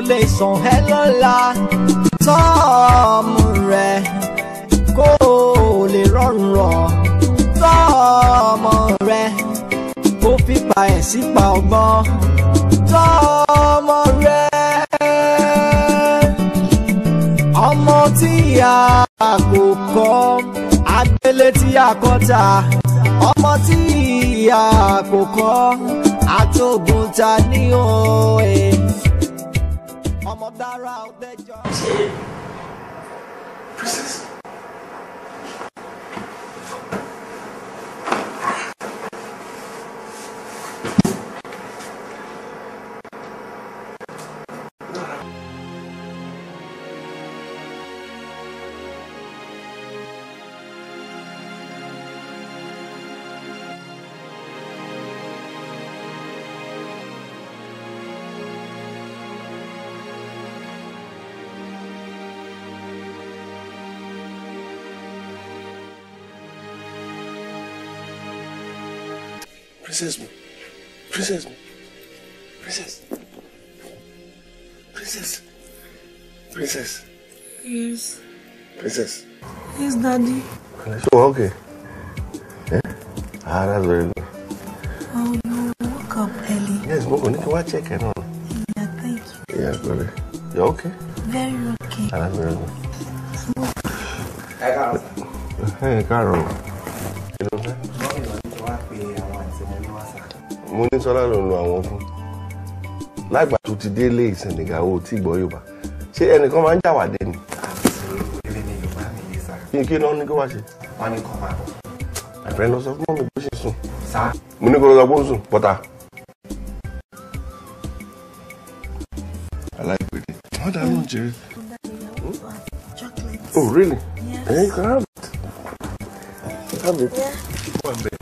kó lè sàn ẹ́ lọ́la tọ́ọ̀mù rẹ̀ kó o lè rọrùn rọ̀ tọ́ọ̀mù rẹ̀ kó fipá ẹ̀ sípa ọgbọ́n tọ́ọ̀mù rẹ̀ ọmọ tí ìyá kò kọ́ agbélé tí a kọ́ ta ọmọ tí ìyá kò kọ́ àtògùn ta ní òye ọmọ dára ọdẹjọ. ṣe princess Princess mi. Princess mi. Princess. Princess. Princess. Yes. Princess. Yes, Daddy. Princess. Oh, okay. Yeah. Ah, that's very good. Oh, no, woke up early. Yes, but up. need to watch check it on. Yeah, thank you. Yeah, brother. You okay? Very okay. Ah, that's very good. Hey, Carol. Hey, Carol. mo ní sọlá ló ń lo àwọn fún lágbà tó ti délé ìsìnìgàwó tí gbọ́ yorùbá ṣé ẹnìkan máa ń jà ni. kí n kí ní kí wá ṣe. wọn ní kọ́ máa bọ̀. àfẹ́ lọ sọ fún mi bó ṣe sùn. mo ní kó lọ sọ fún sùn pọ́tà. aláìpèrè wọn dá lóun oh really? Yeah. Hey, you can have it.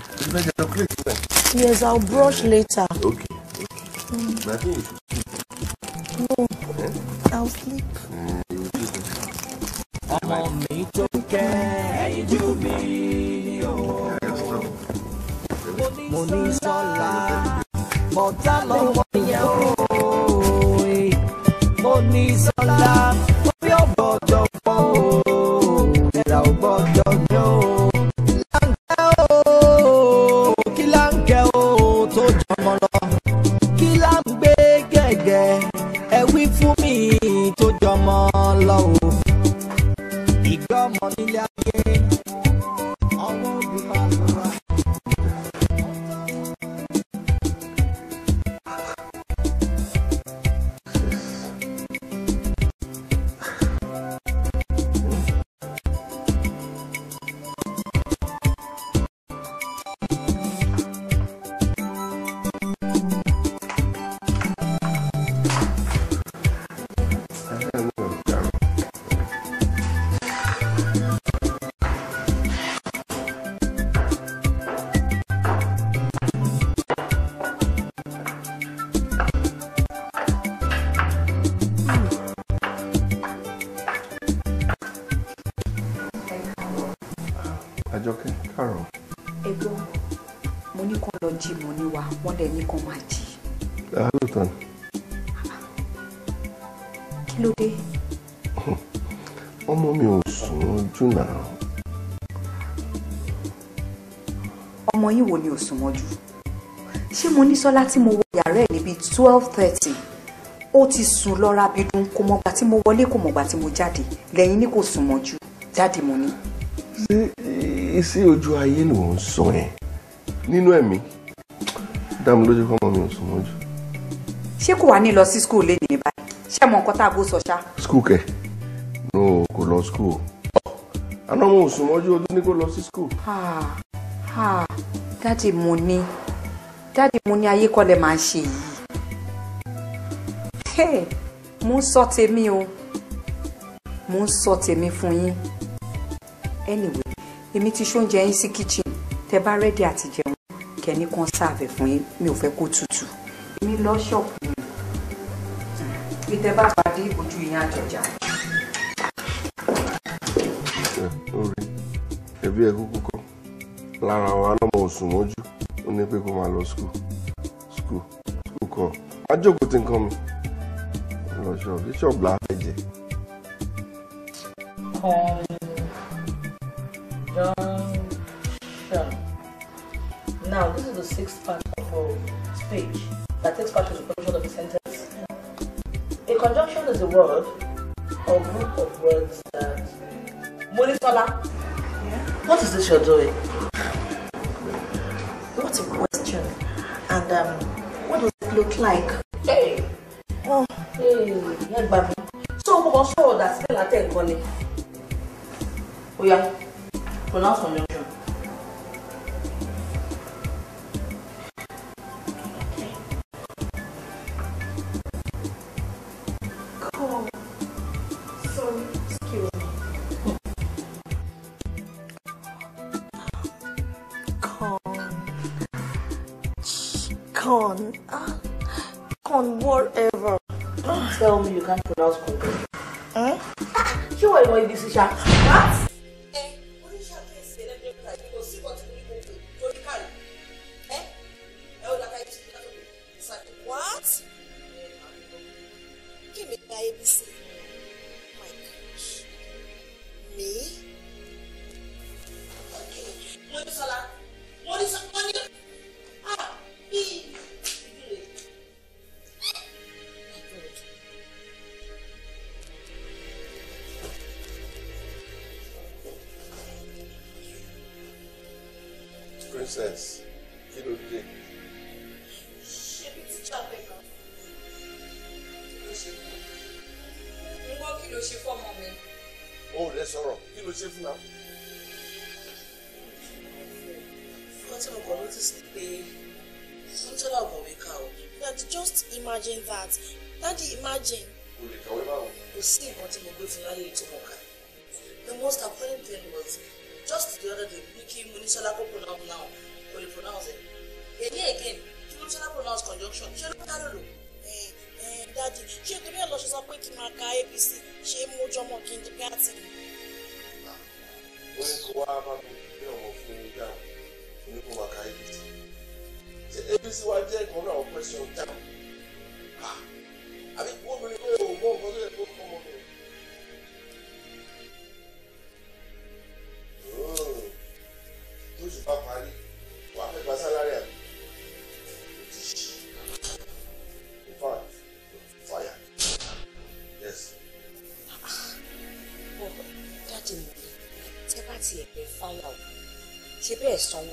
Yes, I'll brush later. Okay. Mm. I think you should sleep. No. Eh? I'll sleep. Mm, you will sleep. Ọmọ mi tó kẹ́ ẹyin jù mí o. Mo ní sọ́la, bọ̀tá dẹ̀ ní kó máa jì. lóòótọ́ ni. kí ló dé. ọmọ mi ò sùn ojú náà. ọmọ yín wo ni ò sùn mọ́jú ṣé mo ní sọ́lá tí mo wọ yàrá ẹ̀ níbi twelve thirty ó ti sùn lọ́ra bídún kò mọ̀gbà tí mo wọlé kò mọ̀gbà tí mo jáde lẹ́yìn ní kò sùn mọ́jú jáde mo ní. ṣé iṣẹ́ ojú ayé ló ń sọ ẹ̀ nínú ẹ̀mí dá mi lójú fọmọ mi ò sùn mọ́jú. ṣé kò wá ní lọ sí skul lẹ́nu ìbá ṣé mọ nǹkan tá a bó sọ ṣá. skul kẹ no kò lọ skul àná mo ò sùn mọ́jú ojú ní kó lọ sí skul. dáàdì mo ní dáàdì mo ní ayé kọ́lẹ̀ máa ń ṣe yìí mo ń sọ tèmi o mo ń sọ tèmi fún yín anyway èmi ti ṣóúnjẹ yín sí kitchen tẹ bá rẹ́dí àti jẹun kẹ́ni kan sáàfẹ́ fún yín mi ò fẹ́ kó tutù. èmi lọ ṣọ́ọ̀bù mi bí tẹ bá pàdé ojú ìyá àjọjà. orí ẹbí ẹ kúkú kọ lára àwọn anọmọ òsùn mọ́jú ó ní pé kó máa lọ skul skul skul kọ má jókòó tí nǹkan mi lọ ṣọ́ọ̀bù bíṣọ̀bù làá fẹ́ jẹ. Um, John, sure. Now, this is the sixth part of speech that takes part in the construction of a sentence. A conjunction is a word or group of words that. Monisola, yeah. what is this you're doing? What a question. And um, what does it look like? Hey! Oh. Hey, baby. So, we can show that still at 10 Oh, yeah. Pronounce conjunction. Con. Ah, con whatever. Tell me you can't pronounce con. Eh? You were going this, Isha. What?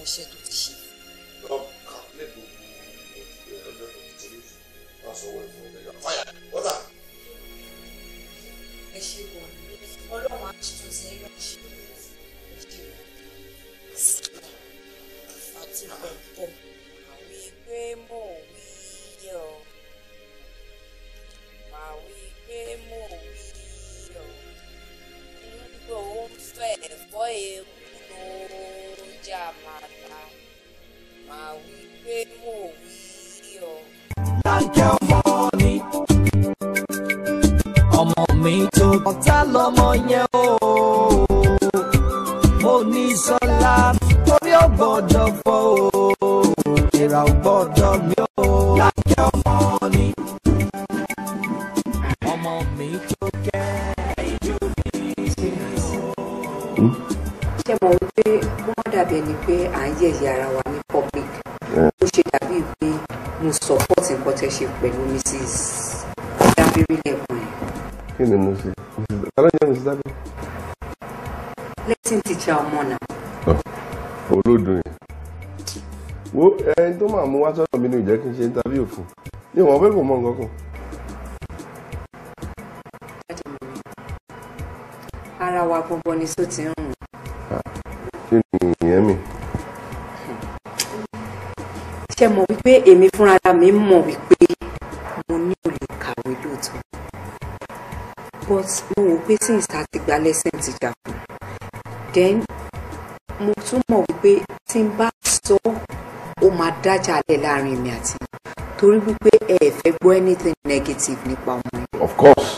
вообще Hmm? ṣé mo rí pé wọ́n dàbí ẹni pé à ń yẹ̀yẹ́ ara wa ní public ó ṣe dàbí pé mo support nǹkan tẹ́ ṣe pẹ̀lú Mrs. Dábírí lẹ́kùn ẹ̀. kí ni mo ṣe alájọ Mrs. Dábírí. lesson teacher ọmọ náà. Oh, olódùn yìí wo ẹni tó máa mú wá sọ́dọ̀ mi ni ò jẹ́ kí n ṣe interview fún un ní ìwọ̀n pé kò mọ nǹkan kan. kó bọ́ ní sóòtì ń kí ni ìyẹn mi. ṣé mọ̀ wípé èmi fúnra mi mọ̀ wípé mo ní ò kàwé lóòótọ́ but mo wò pé tí ìsà ti gba lẹ́sìn ti jà fún then mo tún mọ̀ wípé tí n bá sọ ó máa dájà lẹ̀ láàrin mi àti torí wípé ẹ ẹ fẹ́ gbọ́ anything negative nípa ọmọ yẹn. of course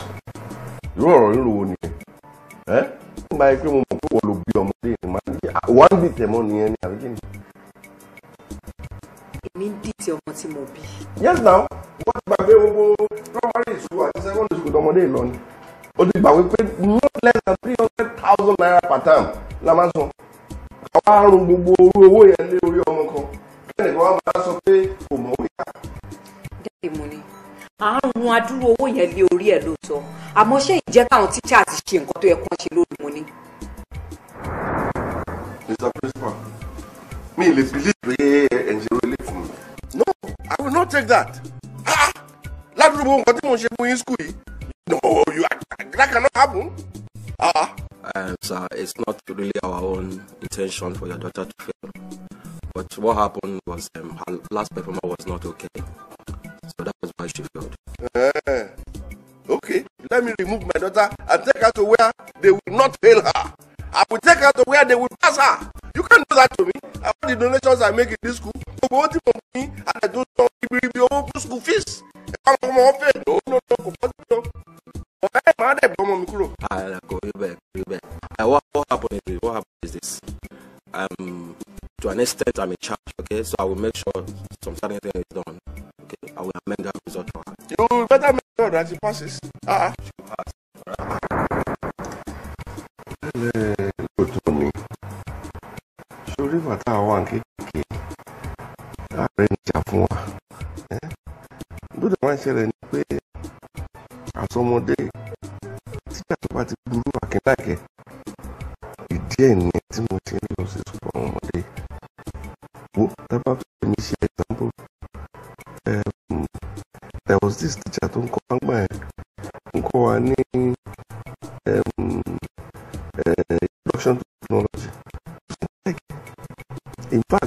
irú ọ̀rọ̀ yìí rò wọ́n nìyẹn nígbà pé mo mọ̀ pé wọ́n ló bí ọmọdé yẹn máa ń wọ́n ń dìtẹ̀ mọ́ nìyẹn ní àbíkí ni. èmi ń dìtẹ̀ ọmọ tí mo bí. yes now wọ́n ti gbàgbé gbogbo primary school àti secondary school tọmọdé lọ ni ó ti gbàgbé pé no less than three hundred thousand naira per term la máa san àwa àrùn gbogbo orú owó yẹn lé orí ọmọ kan kẹ́nìkan wá máa sọ pé kò mọ̀ wíyà. Ah, dáàbì mo ní àrùn adúrú owó yẹn lé orí ẹ̀ ló sọ àmọ́ ṣé ìjẹ́ káwọn tíṣà ti ṣe nǹkan tó yẹ kán ṣe lónìí mo ní. Mr. Principal mi ì lè believe pé ẹ̀ ń ṣe wọlé mi. No, I will not take that. ládùúgbò nǹkan tí mo ń ṣe fún yín school yìí no you that cannot happen. uh Um, sir, it's not really our own intention for your daughter to fail. But what happened was um, her last performance was not okay. So that was why she failed. Uh, okay, let me remove my daughter and take her to where they will not fail her. I will take her to where they will pass her. You can't do that to me. I the donations I make in this school. So what if me and I don't know if you own school fees? I'm going to fail. No, no, no, no, no. Ọ̀rẹ́ màá dẹ̀ gbọ́mọ mi kúrò. Àlàkò ah, rí bẹ́ẹ̀ rí bẹ́ẹ̀. Eh, what happened is this. Um, to an extent I'm in charge, okay? So I will make sure some certain thing is done. Okay, I will amend that result for her. You better make sure that it passes. Ah. She pass. lóòótọ́ ni sórí bàtà wa kékeré ààrẹ níjà fún wa lóde máa ń ṣẹlẹ̀ ni pé àsọmọdé tíjà tó bá ti burú àkínláàkẹ́ ìdí ẹ̀ nìyẹn tí mo ṣe ń lọ sí that particular example, um, there was this teacher tó ń kọ́ àgbà ẹ̀ ń kọ́ wa ní introduction to technology. In fact,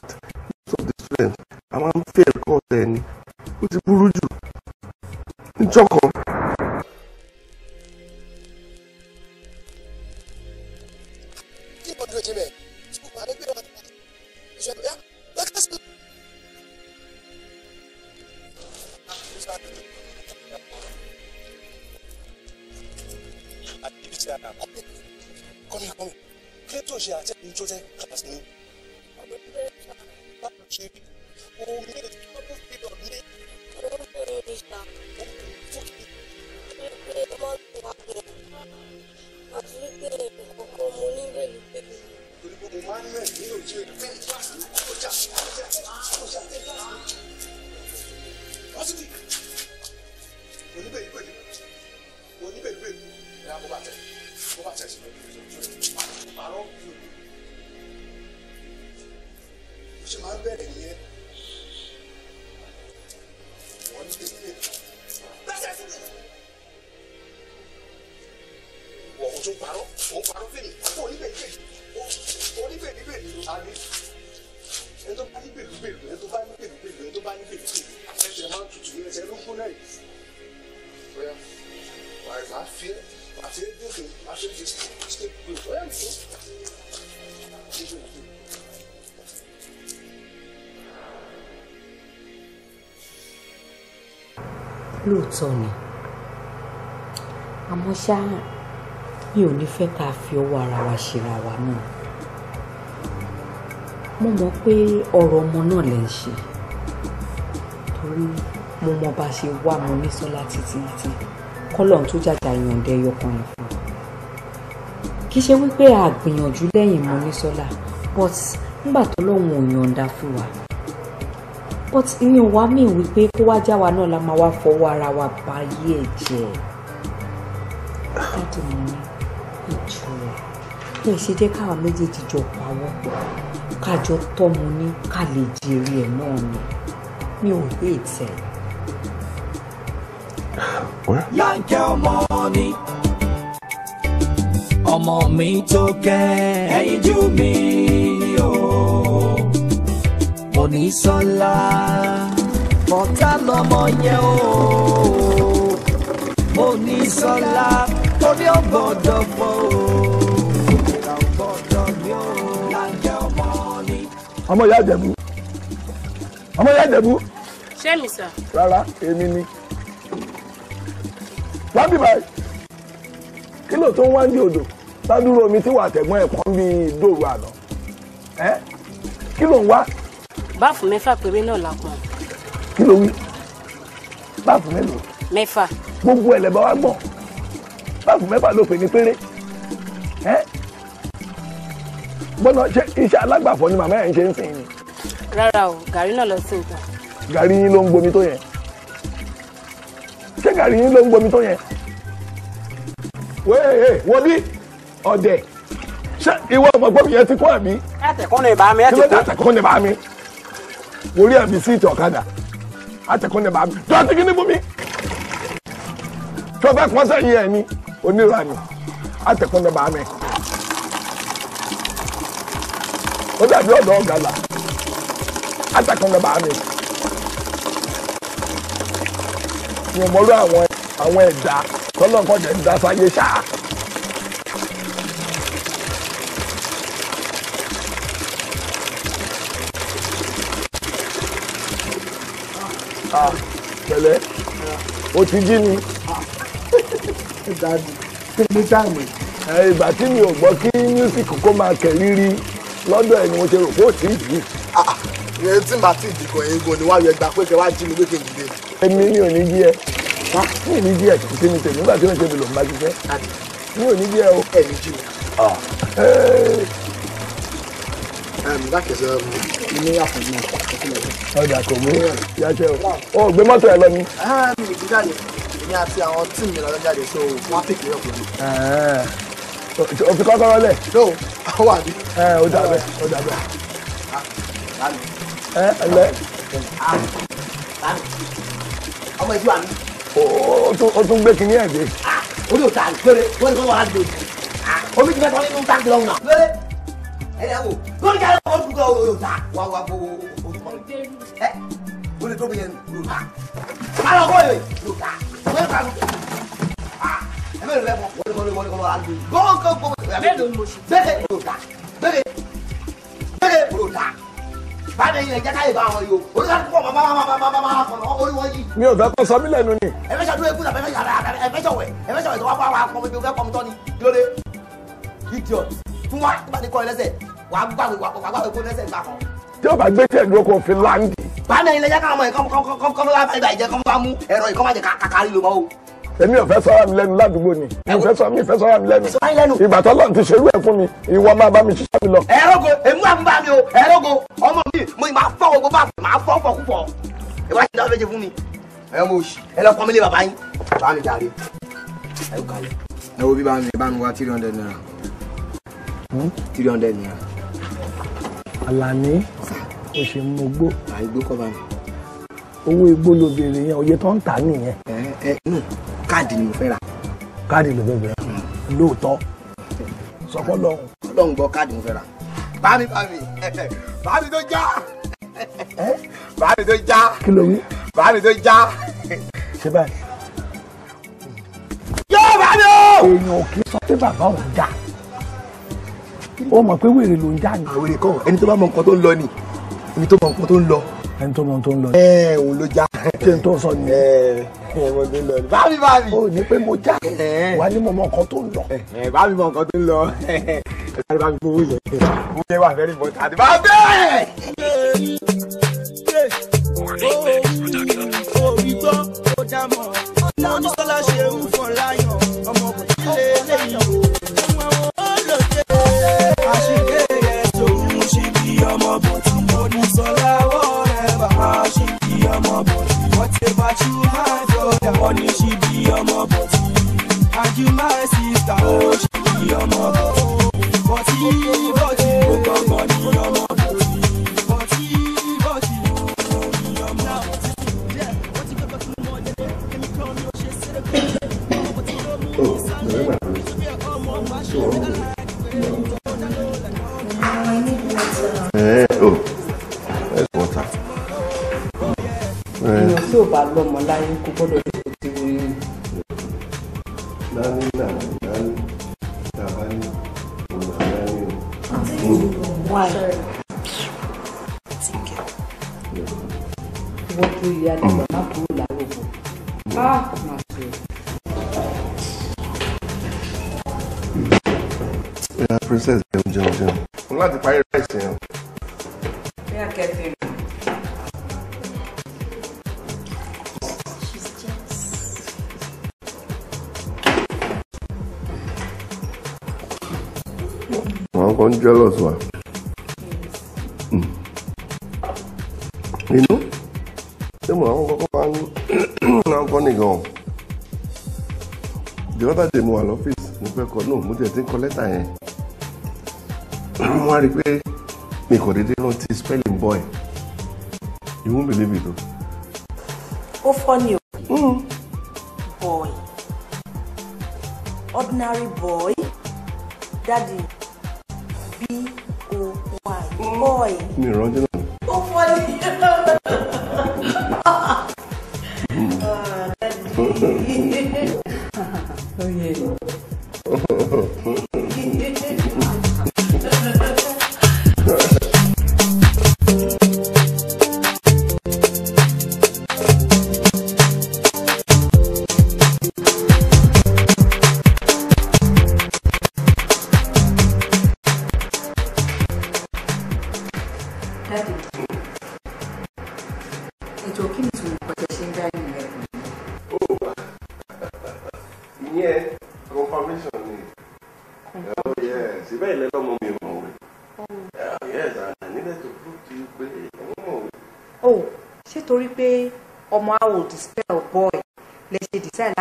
ṣera wa náà mo mọ̀ pé ọ̀rọ̀ ọmọ náà lè ṣe torí mo mọ̀ bá ṣe wá mo ní sọ́lá títí kọ́lọ́n tó jàjà yànjẹ́ yọkùnrin fún un kì í ṣe wípé a gbìyànjú lẹ́yìn mo ní sọ́lá but nígbà tó lóun ò yọ̀ǹda fún wa but ìyẹn wá mí wípé kó wá já wa náà la máa wá fọwọ́ ara wa báyé ẹ̀ tó ṣe jẹ́ káwa méjèèjì jọ pawọ́ kájọ tọ́mu ní ká lè jèrè ẹ̀ náà ni mi ò hé ìtẹ̀. Yánkẹ́ ọmọ ni ọmọ mi tó kẹ́ ẹyin jú mi o mo ní sọ́lá mọ̀tá lọ́mọ yẹn o mo ní sọ́lá torí ọ̀gbọ́dọ̀ bọ̀. ọmọ ìyá ìjẹ̀bú ọmọ ìyá ìjẹ̀bú. ṣé mi sà. rárá èmi ni. wá bí báyìí kí ló tó ń wá ní odò sádúró omi tí wà tẹ̀gbọ́n ẹ̀ pọ́n bí dòru àná ẹ́ kí ló ń wá. báàfù mẹ́fà péré náà la pọ̀. kí ló wí báàfù mélòó. mẹ́fà. gbogbo ẹ̀ lẹ́bàá wá gbọ̀n báàfù mẹ́fà ló pè ní péré. bọ́lá ṣe iṣẹ́ alágbàfọ́ ni màmá ẹ̀ ń ṣe ń sìn ni. rárá o gàrí náà lọ sí ìta. gàrí yín ló ń gbomi tó yẹn ṣé gàrí yín ló ń gbomi tó yẹn. wéè wọlé ọ̀dẹ̀ ṣé ìwọ ọmọgbọ́n yẹn ti kó àbí. ẹ tẹ̀kọ́ ní bá mi ẹ ti kó. ẹ tẹ̀kọ́ ní bá mi orí àbí sí ìtì ọ̀kadà àtẹ̀kọ́ ní bá mi tó àti kí ní bómi tó fẹ́ kọ́ sẹ́yìn ẹ̀ ni onírànì àtẹ̀kọ́ ní bá mi. ó dàbí ọ̀dọ́ ọ̀gàlà átàkùn bàbá mi mi ò mọ̀rọ̀ àwọn àwọn ẹ̀dá tọ́lọ́kọ̀ jẹ́ ń dá sáyé ṣáà. Ah, pẹ̀lẹ́ o ti jí ni. dadi kí ni táìmù. ìgbà tí mi ò gbọ́ kí mísíkì kó máa kẹ̀ rírí lọ́dọ̀ ẹ̀ ni mo ti rò kó tí ì dì í. ìyẹn ah, ah. tí màá ti dìkọ eegun ni wàá yọ ẹgbàá pé kẹ wàá jí mi pé kí n dìde. èmi ni ò ní jí ẹ mi ò ní jí ẹ kì í ṣe mi tèmi nígbà tí wọ́n ṣe mi lò ń bá ṣiṣẹ́ mi ò ní jí ẹ o. ẹ ní jí mi. Ah. lákèsè um, ní àfọ̀mù ọjà kò mú yàtọ̀ o gbé mọ́tò ẹ lọ ni. mi ò jí jáde èmi àti àwọn tíìmù mi lọ jáde so wọ́n á tètè ọkùnrin o fi kọ́kọ́rọ́ lẹ̀. no a wà ní. ẹ o dà bẹ o dà bẹ. ẹ ẹ lẹ. ọmọ ìjú àmì. o tún gbé kinní ẹ̀ dé. o ní o ta àgbèrè wọ́n ní kọ́ wàá lò. Ah, omi ti fẹ́ tọ́ nínú táǹkì lọ́wọ́ náà. lórí ẹ̀yà wò lórí kí ẹ̀rọ ọdún kọ́ o ta wà wà bò o tún kọ́ ẹ o lè tó mi yẹn lò ta. alọ́ kọ́ ẹ̀ lò ta. Ah mélòó mi ò fẹ́ kọ́ sọ mí lẹ́nu ni. ẹ̀fẹ́sẹ̀ dúró ikú ẹ̀fẹ́sẹ̀ yàrá ẹ̀fẹ́sẹ̀ wẹ̀ ẹ̀fẹ́sẹ̀ wẹ̀ tó wá fún wa pọ̀ mi fẹ́ pọ̀ mi tọ́ ni lóde idiot fún wa tó bá ti kọ́ ẹ lẹ́sẹ̀ wàá gbàgbé wàá gbàgbé kó lẹ́sẹ̀ gbà kan tí o bá gbé tí ẹ̀dúró kò fi láǹdì. báyìí ilẹ̀ yẹ káwọn ọmọ yìí kọ́ kọ́ kọ́ kọ́ kọ́ bá ìjẹ́ kọ́ bá mú èmi ò fẹ́ sọ́ra mi lẹ́nu ládùúgbò ni mi ò fẹ́ sọ́ra mi ò fẹ́ sọ́ra mi lẹ́nu ìgbà tó lọ́n ti ṣerú ẹ̀ fún mi ìwọ máa bá mi ṣiṣẹ́ mi lọ. ẹ̀rọ́gò èmi wà ń bá mi o ẹ̀rọ́gò ọmọ mi mo ì máa fọ́ ogo bá máa fọ́ ọkọ̀ púpọ̀ ìwà ìdá méje fún mi ẹ̀rọ mo ṣì ẹ lọ pọ́nmílẹ̀ bàbá yín bá mi jàre ẹ̀rọ kalẹ̀. ẹ wo bí bá mi bá mi wá three hundred naira hmm? three hundred naira. Àlàní o ṣe mú gbó. àìgbó kọ́ bá mi. owó igbó lóbìnrin yẹn òye tó ń tà nìyẹn. ẹ ẹ nù káàdì ni mo fẹ́ rà. káàdì ló fẹ́ rà hmm. lóòótọ́ sọkọ lọ. ọlọ́run gbọ́ káàdì mo fẹ́ rà. bámi bámi bámi tó já bámi tó já kí ló wí bámi tó já. ṣé báyìí. yóò bá mi o. èèyàn ò kí sọ pé bàbá òun dà ó mọ̀ pé wèrè ló ń já ni. àwọn kan ẹni tó bá mọ nǹkan tó ń lọ ni ẹni tó mọ nǹkan tó ń lọ. ẹni tó mọ nǹkan tó ń lọ. ẹ òun ló já ṣé n tó sọ nìyẹn. bábí bábí. o ní pé mo já wà ní mọ̀mọ́ nǹkan tó ń lọ. bábí mọ̀ nǹkan tó ń lọ. ẹ sáré mo wúyẹ mo yẹ wà very important. bábí. omi gbọ́ ó dá mọ́ Whatever she my daughter, honey, she be your mother. And you my sister, oh, she be your mother. But he, but ò bá lọ́mọ láyé kò gbọ́dọ̀ ní kò tí hmm. wọ́n yẹn. lálẹ́ làwọn lálẹ́ tàbá ní ọ̀nà lálẹ́ o. wọ́n tó yẹ adé màmá kúrò láwọ̀ bọ̀. Ah, my God. Yeah, princess, jẹun jẹun jẹun. Mo láti parí rice yẹn jealous wa. Mm. inú ṣé mo àwọn kọ́kọ́ máa ń náà kọ́ nìkan the other day mo wà lọ́fíìsì mo fẹ́ kọ́ náà mo tiẹ̀ ti ń kọ lẹ́tà yẹn wọ́n á rí i spelling boy you won't believe it o. ó fọ́ ni boy ordinary boy daddy.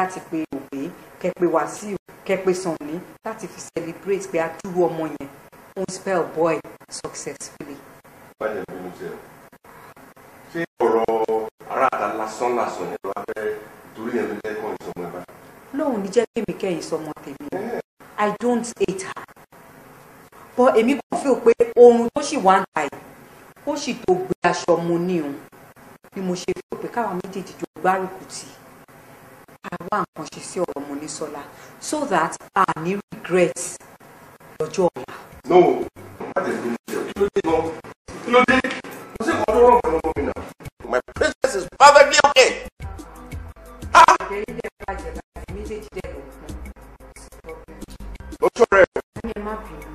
láti pe òbí kẹ pe wàsíù kẹ pe sànni láti fi celebrate pé a dúró ọmọ yẹn ó ń spell boy successfully. báyọ̀ bí mo ṣe rò ṣé ọ̀rọ̀ aráàlá lásán lásán ni wọ́n fẹ́ torí ẹ̀ ló ìsọmọ ẹ̀ bá. lóun ní jẹ́ kí èmi kẹ́yìn sọmọ tèmi I don't hate her but èmi kò fi pé oorun tó sì wá ń ta yìí ó sì tó gbé aṣọ mo ní òun ni mo ṣe fi pé káwa méjèèjì jọ gbárùkù tì í àwa nǹkan ṣe sí ọ̀rọ̀ Monísọ́lá so that a ní regret lọ́jọ́ ọ̀la. no láti fi ṣe kí ló dé gan kí ló dé kò sí nǹkan tó rọ̀ fún ọmọ mi náà. my princess is perfectly okay. ìbéèrè dẹ̀ bàjẹ́ báyìí méjèèjì dẹ̀ ló kún. lọ́jọ́ rẹ̀. ní ẹ má bínú.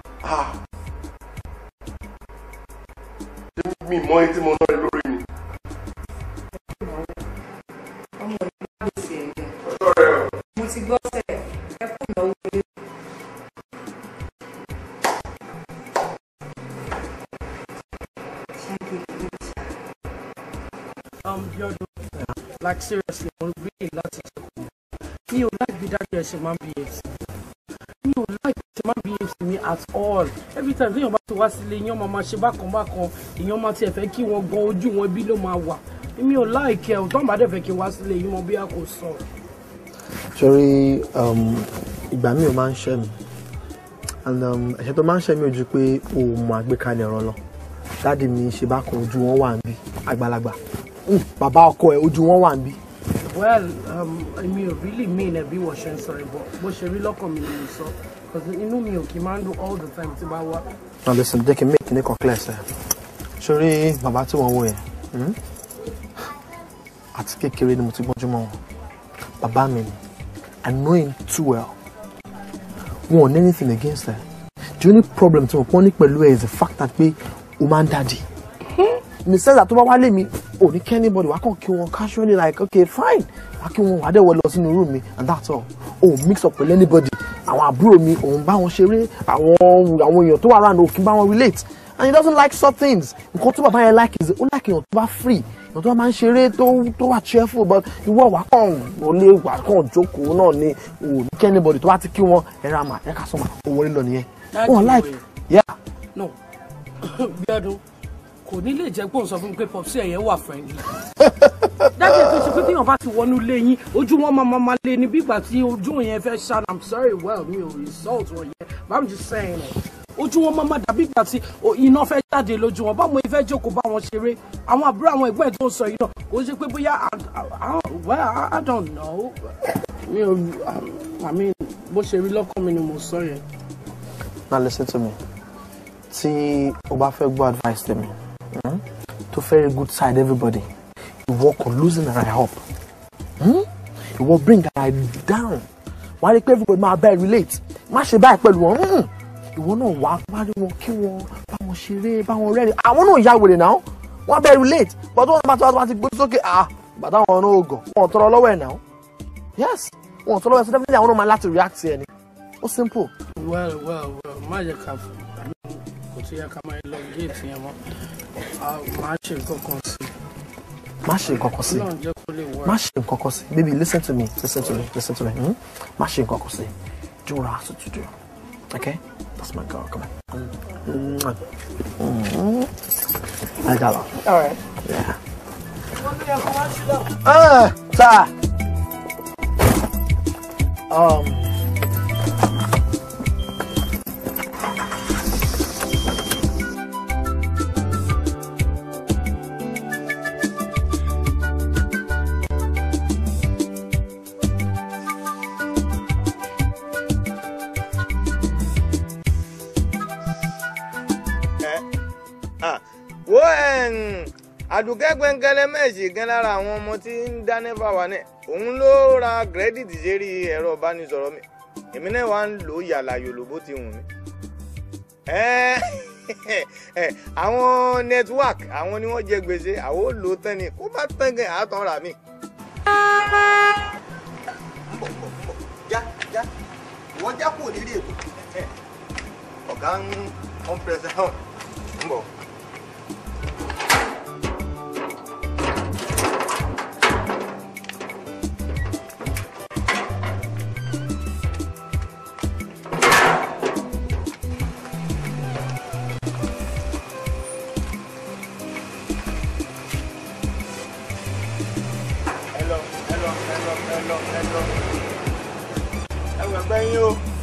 ṣé mi mọ etí mo náà lò. ti gbọ́ sẹ̀ ẹ kú like seriously mo really láti ṣe mi ò like bí dájú ẹ ṣe máa ń bí ẹ sí like the man ń bí ẹ at all every time you're téèyàn bá ti wá sílé èèyàn máa máa ṣe bákan bákan èèyàn máa tiẹ̀ fẹ́ kí wọ́n go, ojú wọn bí ló máa wà mi you like ẹ ò tán bá dẹ̀ fẹ́ kí n wá sílé yìí mo a kò sọ̀rọ̀ torí um, ìgbà mi ò máa ń ṣẹ́ mi um, ẹ̀ṣẹ̀ tó máa ń ṣẹ́ mi ò pé o àgbékalẹ̀ ọ̀rọ̀ lọ dáàdi mi ṣe bá kan ojú wọn wà ń bí àgbàlagbà hmm, bàbá ọkọ ẹ ojú wọn wà ń bí. well um, èmi ò really mean ẹ bí wọ́n ṣe ń sọ ẹ̀ bọ̀ bó ṣe rí lọ́kàn mi lè sọ because inú mi ò kì í máa ń dùn all the time tí bá wá. na listen jẹ́ kí n make ní kan clear sórí bàbá tí wọ́n wò yẹn hmm? àti kékeré ni mo ti gbọ́njú mọ́ wọn bàbá mi ni I know too well. Wọn ò anything against her. The only problem to mo pọ́n ní pẹ̀lú is the fact that we o máa ń dàdí. In the sense that tó bá wá lé mi, ò anybody I kàn kill wọn casually like okay fine I kí one, whatever, dẹ̀ wọ lọ sínú room mi and that's all. Oh, mix up with anybody. I want me, Àwọn àbúrò mi òun bá wọn ṣeré, I want èèyàn tó wà around òkè bá to relate and he doesn't like soft things nǹkan tó bàbá yẹn like is ó like èèyàn tó bá free èèyàn tó bá máa ń ṣeré tó tó wà cheerful but ìwọ wà kàn ó lé wà kàn jókòó náà ni ò ní kí anybody tó bá ti kí wọn ẹ̀rọ àmà ẹ̀ka sọ́mà ó wọlé lọ nìyẹn wọn like yeah. no bí ọdún kò ní lè jẹ́ gbóhùn sọ fún mi pé popsi ẹ̀yẹ wà friendly. dájú ẹ̀ tó ṣe pé tí yàn bá ti wọnú ilé yín ojú wọn máa máa lé ní bí ìgbà tí ojú yẹn fẹ́ ṣáná i'm sorry well mi ò result wọn yẹn but i'm just saying it ojú wọn máa ma dàbí ìgbà tí iná fẹ́ jáde lójú wọn báwo ìfẹ́ jókòó bá ṣeré àwọn àbúrò àwọn ẹ̀gbọ́n tó ń sọ yìí náà kò ṣe pé bóyá well I don't know mi ò àmì bó ṣe rí lọ́kàn mi ni mo sọ yẹn. now listen to me tí o bá fẹ́ gbọ́ advice tèmi hmm, to very good side everybody ìwọ kò losing her up hmm? ìwọ bring her down wàá rí i pé everybody máa bá relate má ṣe báyìí pẹ̀lú wọn. Hmm ìwọ náà wá bá rí wọn kí wọn bá wọn ṣeré bá wọn rẹ́rìn àwọn náà ya wèrè náà wọ́n bẹ late, but wọ́n bá tó wá ti gbé sókè ah bàtà wọn náà gàn wọ́n tọrọ lọ́wọ́ ẹ̀ náà yes wọ́n tọrọ lọ́wọ́ ẹ̀ so definitely àwọn náà máa láti react sí ẹni ó simple. well well well má yẹ ká fún mi kò tún yẹ ká máa lọ gate yẹn mọ́ máa ṣe nǹkan kan sí má ṣe nǹkan kan sí má ṣe nǹkan kan sí baby listen to me listen to me listen to me hmm? má ṣe nǹkan kan sí do what I have to do okay That's my car. Come on. I got off. All right. Yeah. Ah, uh, ta. Um. àdùkẹ́ gbẹ̀ngẹ́lẹ́ mẹ́ẹ̀sì gan lára àwọn ọmọ tí ń dá nẹ́fà wá náà òun ló ra kírẹ́dìtì sérí ẹ̀rọ ìbánisọ̀rọ̀ mi èmi náà wá ń lò yàlà yòlòbó ti wù mí. àwọn network àwọn ni wọ́n jẹ gbèsè àwọn ò lò tán ni kó bá tán gan àtọ̀ rà mí. já já wọ́n já kúrò nílé èkó ọ̀gá ń ọ̀n hàn ń bọ̀. lọ ẹ lọ ẹ wẹ̀ gbẹ́yìn o.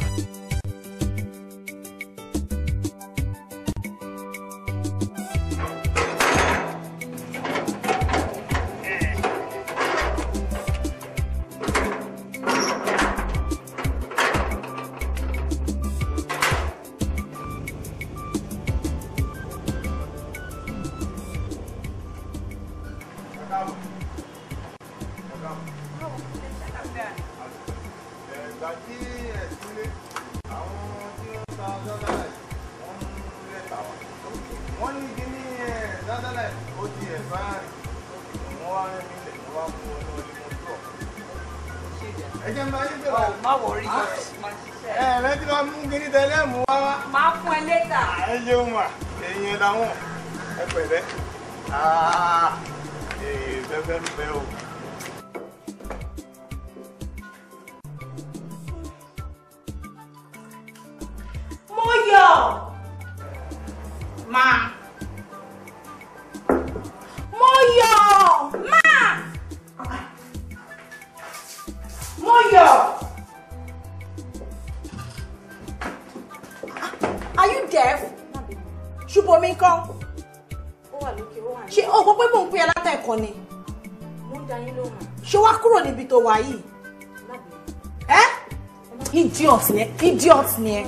idiot ni ẹ idiot ni ẹ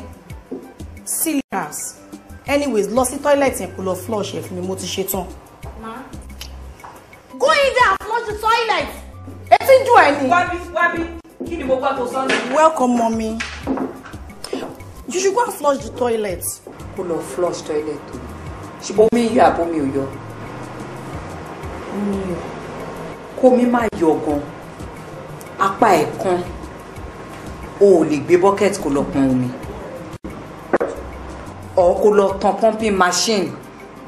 silly ass anyways lọ sí toilet yẹn kó lọ flush ẹ fún mi mo ti ṣe tán. go in there and flush the toilet. etí ń ẹ ni. wábí wábí kí ni mo gbà tó sọ́nà. welcome mọ́mí you should go and flush the toilet. kó lọ flush toilet o ṣùgbọ́n omi yọ àbomi ò yọ omi yọ kó mi má yọ gan apá ẹ̀ kan o ò lè gbé bucket kó lọ pọn omi ọ̀ kó lọ tan pumping machine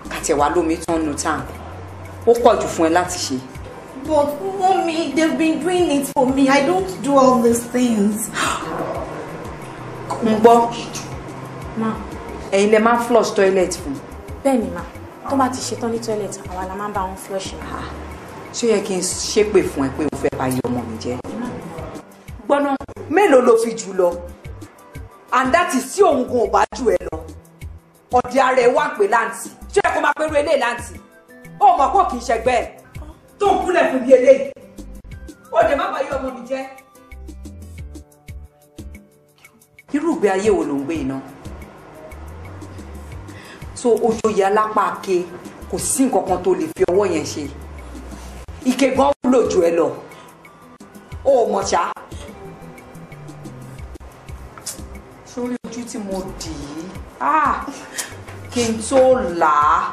kàtẹ̀wá lómi tán nu tank ó pọ̀ jù fún ẹ láti ṣe. But mommy, they've been doing it for me. I don't do all these things. ń gbọ́ ẹ̀yin lè máa flush toilet fún. bẹ́ẹ̀ni ma tó bá ti ṣetán ní toilet àwa la máa ń bá wọn flush. Ah. ṣé ó yẹ kí n ṣépè fún ẹ pé o fẹ́ pa iye ọmọ mi jẹ́ gbọ́nà mélòó ló fi jù lọ àǹdátì tí òun gun ò bá jù ẹ lọ ọ̀dẹ̀ ara ẹ wà pé láǹtì ṣé ẹ kó máa pẹ́rú eléyìí láǹtì ó mọ̀ kó kì í ṣẹgbẹ́ ẹ̀ tó ń kúnlẹ̀ fún bí eléyìí ó dẹ̀ má bàyí ọmọ mi jẹ́. irú ayé wo ló ń gbé iná so ojú yẹ alápá ke kò sí nǹkan kan tó lè fi ọwọ́ yẹn ṣe ike gan wúlò jù ẹ lọ ó mọ̀ ṣá tí mo dì í ah, kí n tó là á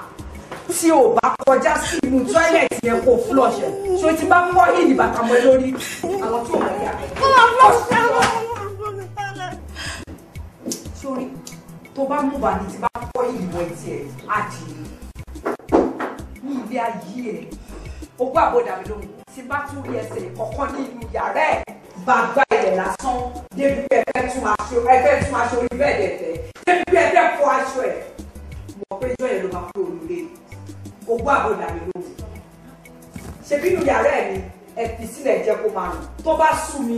tí ò bá kọjá sí inú tọ́ílẹ̀tì yẹn kò flush ẹ̀ ṣé o ti bá mọ́ ìlì bàtà mọ́ lórí àwọn tó wà ní àgbẹ̀. sórí tó bá mú wà ní bá kọ́ ìlì wọ̀ ẹ̀ àdìyẹ ní ilé ayé ẹ̀ ogún àbọ̀dà lóhùn tí bá tún rí ẹsẹ̀ kọ̀ọ̀kan ní inú yàrá ẹ̀ bàgbà bẹ́ẹ̀ lásán débi pé ẹ fẹ́ tún aṣọ ẹ fẹ́ tún aṣọ orí bẹ́ẹ̀ dẹ̀ fẹ́ débi pé ẹ fẹ́ fọ aṣọ ẹ̀ mọ̀ pé ìjọ yẹn ló máa kú olùlé ogún àbòdà mi ló ṣe bínú yàrá ẹ̀ ni ẹ fi sílẹ̀ jẹ́ kó máa rùn tó bá sú mi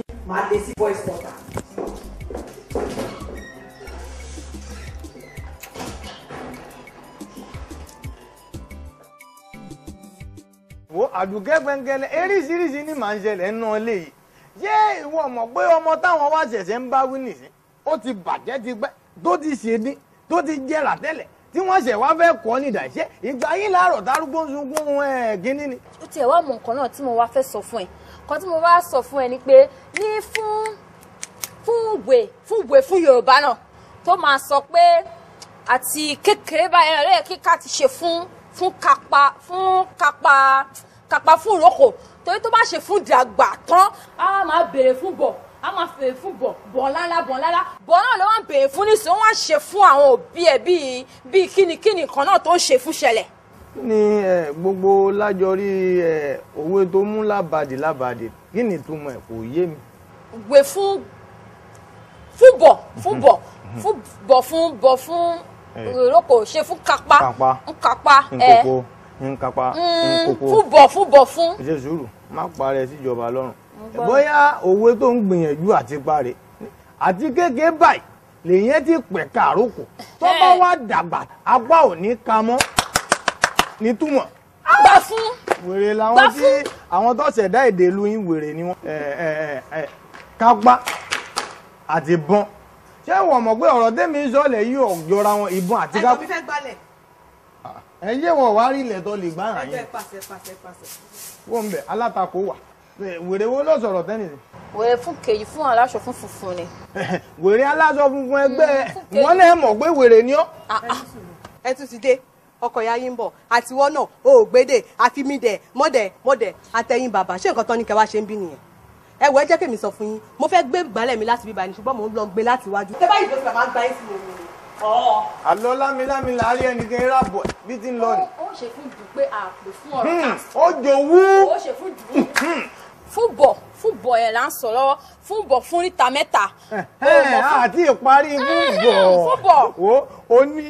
wo àdùgẹ́ gbẹngẹlẹ eríṣiríṣi ní màá ń ṣẹlẹ̀ ń ṣé ìwọ mọ̀ pé ọmọ táwọn wá ṣẹ̀ṣẹ̀ ń bá wí nìsín ó ti bàjẹ́ ti pẹ́ tó ti ṣe ní tó ti jẹrà tẹ́lẹ̀ tí wọ́n ṣẹ̀ wá fẹ́ kọ́ ní ìdàṣẹ ìgbà yín láàárọ̀ darúgbó ń sunkún ẹ̀ gíní ni. ó tiẹ̀ wá mọ nǹkan náà tí mo wá fẹ́ sọ fún ẹ kan tí mo wá sọ fún ẹ ni pé ní fún fún ìwé fún ìwé fún Yorùbá náà tó máa sọ pé àti kékeré báyìí ọ̀rẹ́ kíkà ti ṣe fún fún kapa fún kapa kàpá fún ìrókò torí tó bá ṣe fún di àgbà tán á máa béèrè fún bọ̀ á máa fèrè fún bọ̀ bọ̀ ńláńlá bọ̀ ńláńlá bọ̀ náà ló wá ń béèrè fún nísìnyí wọ́n á ṣe fún àwọn òbí ẹ̀ bíi bíi kínníkínní kan náà tó ṣe fún ṣẹlẹ̀. kí ni gbogbo lájọrí òwe tó mú lábàdì lábàdì kí ni ìtumọ̀ ẹ̀ kò yé mi. gbè fún fún bọ̀ fún bọ̀ fún bọ̀ fún bọ̀ fún ìrókò ṣe fún kápá kápá kápá ẹ nkapa nkoko mm, fúbọ̀ fúbọ̀ fún. ẹ ṣe sùúrù má parẹ́ síjọba lọ́rùn bóyá òwe tó ń gbìyànjú àti parẹ́ àti kékeré báyìí lèyẹn ti pẹ̀ka àrókò tó bá wá dàgbà apá ò ní ka mọ́ nítumọ̀. gbà fún wèrè làwọn tí àwọn tó ṣẹ̀dá èdè lu yín wèrè ni wọ́n kápá àti bọn ṣé wọ́n mọ̀ pé ọ̀rọ̀ tẹ́mi ń sọ̀lẹ̀ yí ọ̀jọ̀ra wọn ìbọn àti kápá. ẹ tó fi fẹ́ gbalẹ̀ ẹ ń yé wọn wá rí ilẹ̀ tó lè gbá ara yẹn. wọ́n ń bẹ̀ alátakò wà wèrè wo ló sọ̀rọ̀ tẹ́nì ni. wèrè fún kejì fún aláṣọ fún funfun ni. wèrè aláṣọ funfun ẹgbẹ́ wọn náà mọ̀ pé wèrè ni ọ́. Ah, ah. ẹ tún ti dé ọkọ̀ ya yín bọ̀ àtiwọ́ náà o ò gbédè àfimídẹ̀ mọ́dẹ̀ mọ́dẹ̀ àtẹ̀yìn bàbá ṣé nǹkan tán ni kẹwàá ṣe ń bí nìyẹn ẹ wọ ẹ jẹ́ kí sọ fún yín mo fẹ́ gbé ìgbálẹ̀ mi láti bíbá ni ṣùgbọ́n mò ń lọ gbé láti iwájú. tẹ bá yìí tó fi bàbá sí mi àlọ́ lámilámi láàárín ẹnìkan eré àbọ̀ bí ti ń lọ ni. ó ṣe fún dùn pé àpè fún ọ̀rọ̀ ká. Hmm, ó jòwú. ó ṣe fún dùn. fúbọ̀ fúbọ̀ ẹ̀ là ń sọ lọ́wọ́ fúbọ̀ fún níta mẹ́ta. àti ìparí fúbọ̀ wo o ní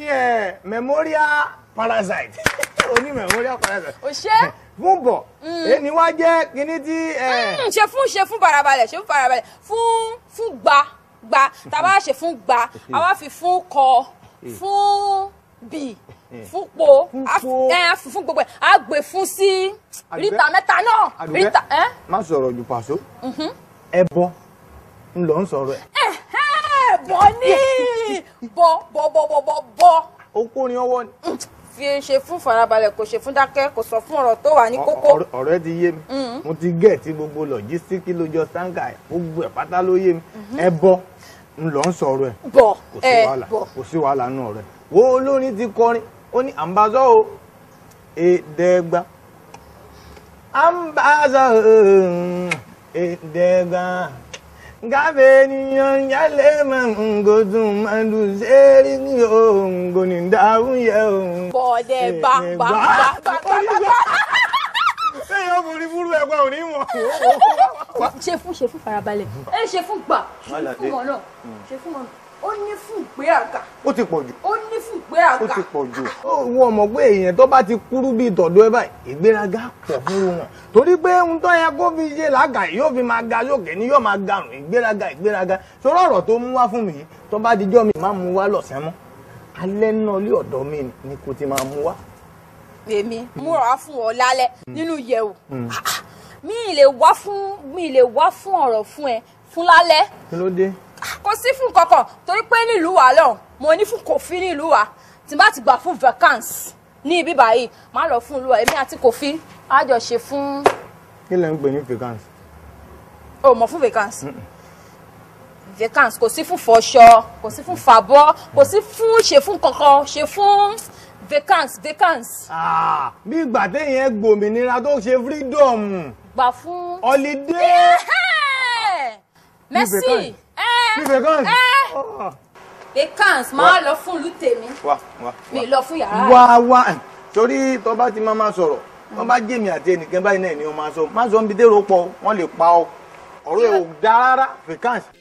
memorial parasite o ní memorial parasite. o ṣe fún bọ̀ hmm. èyí wá jẹ́ kíní tí. Hmm, ṣe fún ṣe fún barabalẹ̀ ṣe fún barabalẹ̀ fún fún gba gba tàbá ṣe fún gba àwa fi fún kọ fún bì fún po fún gbogbo ẹ̀ á gbé fún sí ríta mẹ́ta náà ríta. má sọ̀rọ̀ ju pàṣọ mhm. ẹbọ ń lọ ń sọ̀rọ̀ ẹ̀. bọ ní bọ bọ bọ bọ bọ bọ. okùnrin ọwọ́ ni mm, fi ṣe fún farabalẹ̀ kò ṣe fún dákẹ́ kò sọ fún ọ̀rọ̀ tó wà ní kókó. ọ̀rẹ́ ti yé mi mm. mo ti gẹ̀ tí gbogbo lọ́jísíkì lójọ sanga gbogbo ẹ̀ pátá ló yé mi mhm. ẹ bọ́ ń lọ ń sọ̀rọ̀ ẹ̀ bọ̀ ẹ̀ kò sí wàhálà nù ọ̀rẹ́ wo olórin ti kọrin ó ní àǹbazọ́ o èdègbà àǹbazọ́ èdègbà gáfẹ́ ènìyàn yálẹ̀ máa ń gòdùn máa ń dùn sẹ́ẹ̀rì ní òǹgò ní dáhùn yẹ̀ bá bá bá bá bá bá yóò borí fúru ẹgbẹ́ òní mọ̀. ṣe fún ṣe fún farabalẹ̀ ẹ ṣe fún gbà ṣe fún mọ̀ náà ṣe fún mọ̀ náà ó ní fún ìpè àga. ó ti pọ̀ jù. ó ní fún ìpè àga. ó ti pọ̀ jù. wọ́n mọ̀ pé èèyàn tó bá ti kúrú bíi tọ̀dọ̀ ẹ báyìí ìgbéraga pọ̀ fúru wọn torí pé ohun tó yẹ kó fi ṣe làágà yóò fi máa ga yókè ni yóò máa garùn ìgbéraga ìgbéraga sọ̀rọ̀ ọ̀rọ̀ tó mú wá fún mi tó bá dijọ́ mi máa mú wá lọ̀sẹ̀ mọ́ alẹ́ náà lé ọ̀dọ̀ mi ni kò ti máa mú wá èmi múra hmm. fún ọ lálẹ́ hmm. nínú yẹ̀wò hmm. ah, ah. mi lè wá fún mi lè wá fún ọ̀rọ̀ fún ẹ fún lálẹ́. kí ló dé. Ah, kò sí fún kankan torí pé nílùú wa lọ́hùn mo ní fún kòfin nílùú wa tí bá ti gbà fún vacance ní ibi báyìí má lọ fún olúwa èmi àti kòfin á jọ ṣe fún. kí lẹ ń pè ní vacance. o mọ̀ fún vacance vacance kò sí fún fọṣọ kò sí fún fàbọ kò sí fún ṣe fún kankan ṣe fún vacance vacance. Ah, bí ìgbà téèyàn gbòmìnira tó ṣe freedom. gbà fún. holiday. merci. bí vacance. Ah. vacance máa lọ fún ìlú tèmi. wá wá mi lọ fún yàrá rẹ. wá wá torí tó bá ti máa ma sọ̀rọ̀ wọ́n bá jèmi àti ẹnìkan báyìí náà ni wọ́n máa sọ máa sọ ń bi dèrò pọ̀ wọ́n lè pa ọ́ ọ̀rọ̀ ẹ̀ ò dáa rárá vacance.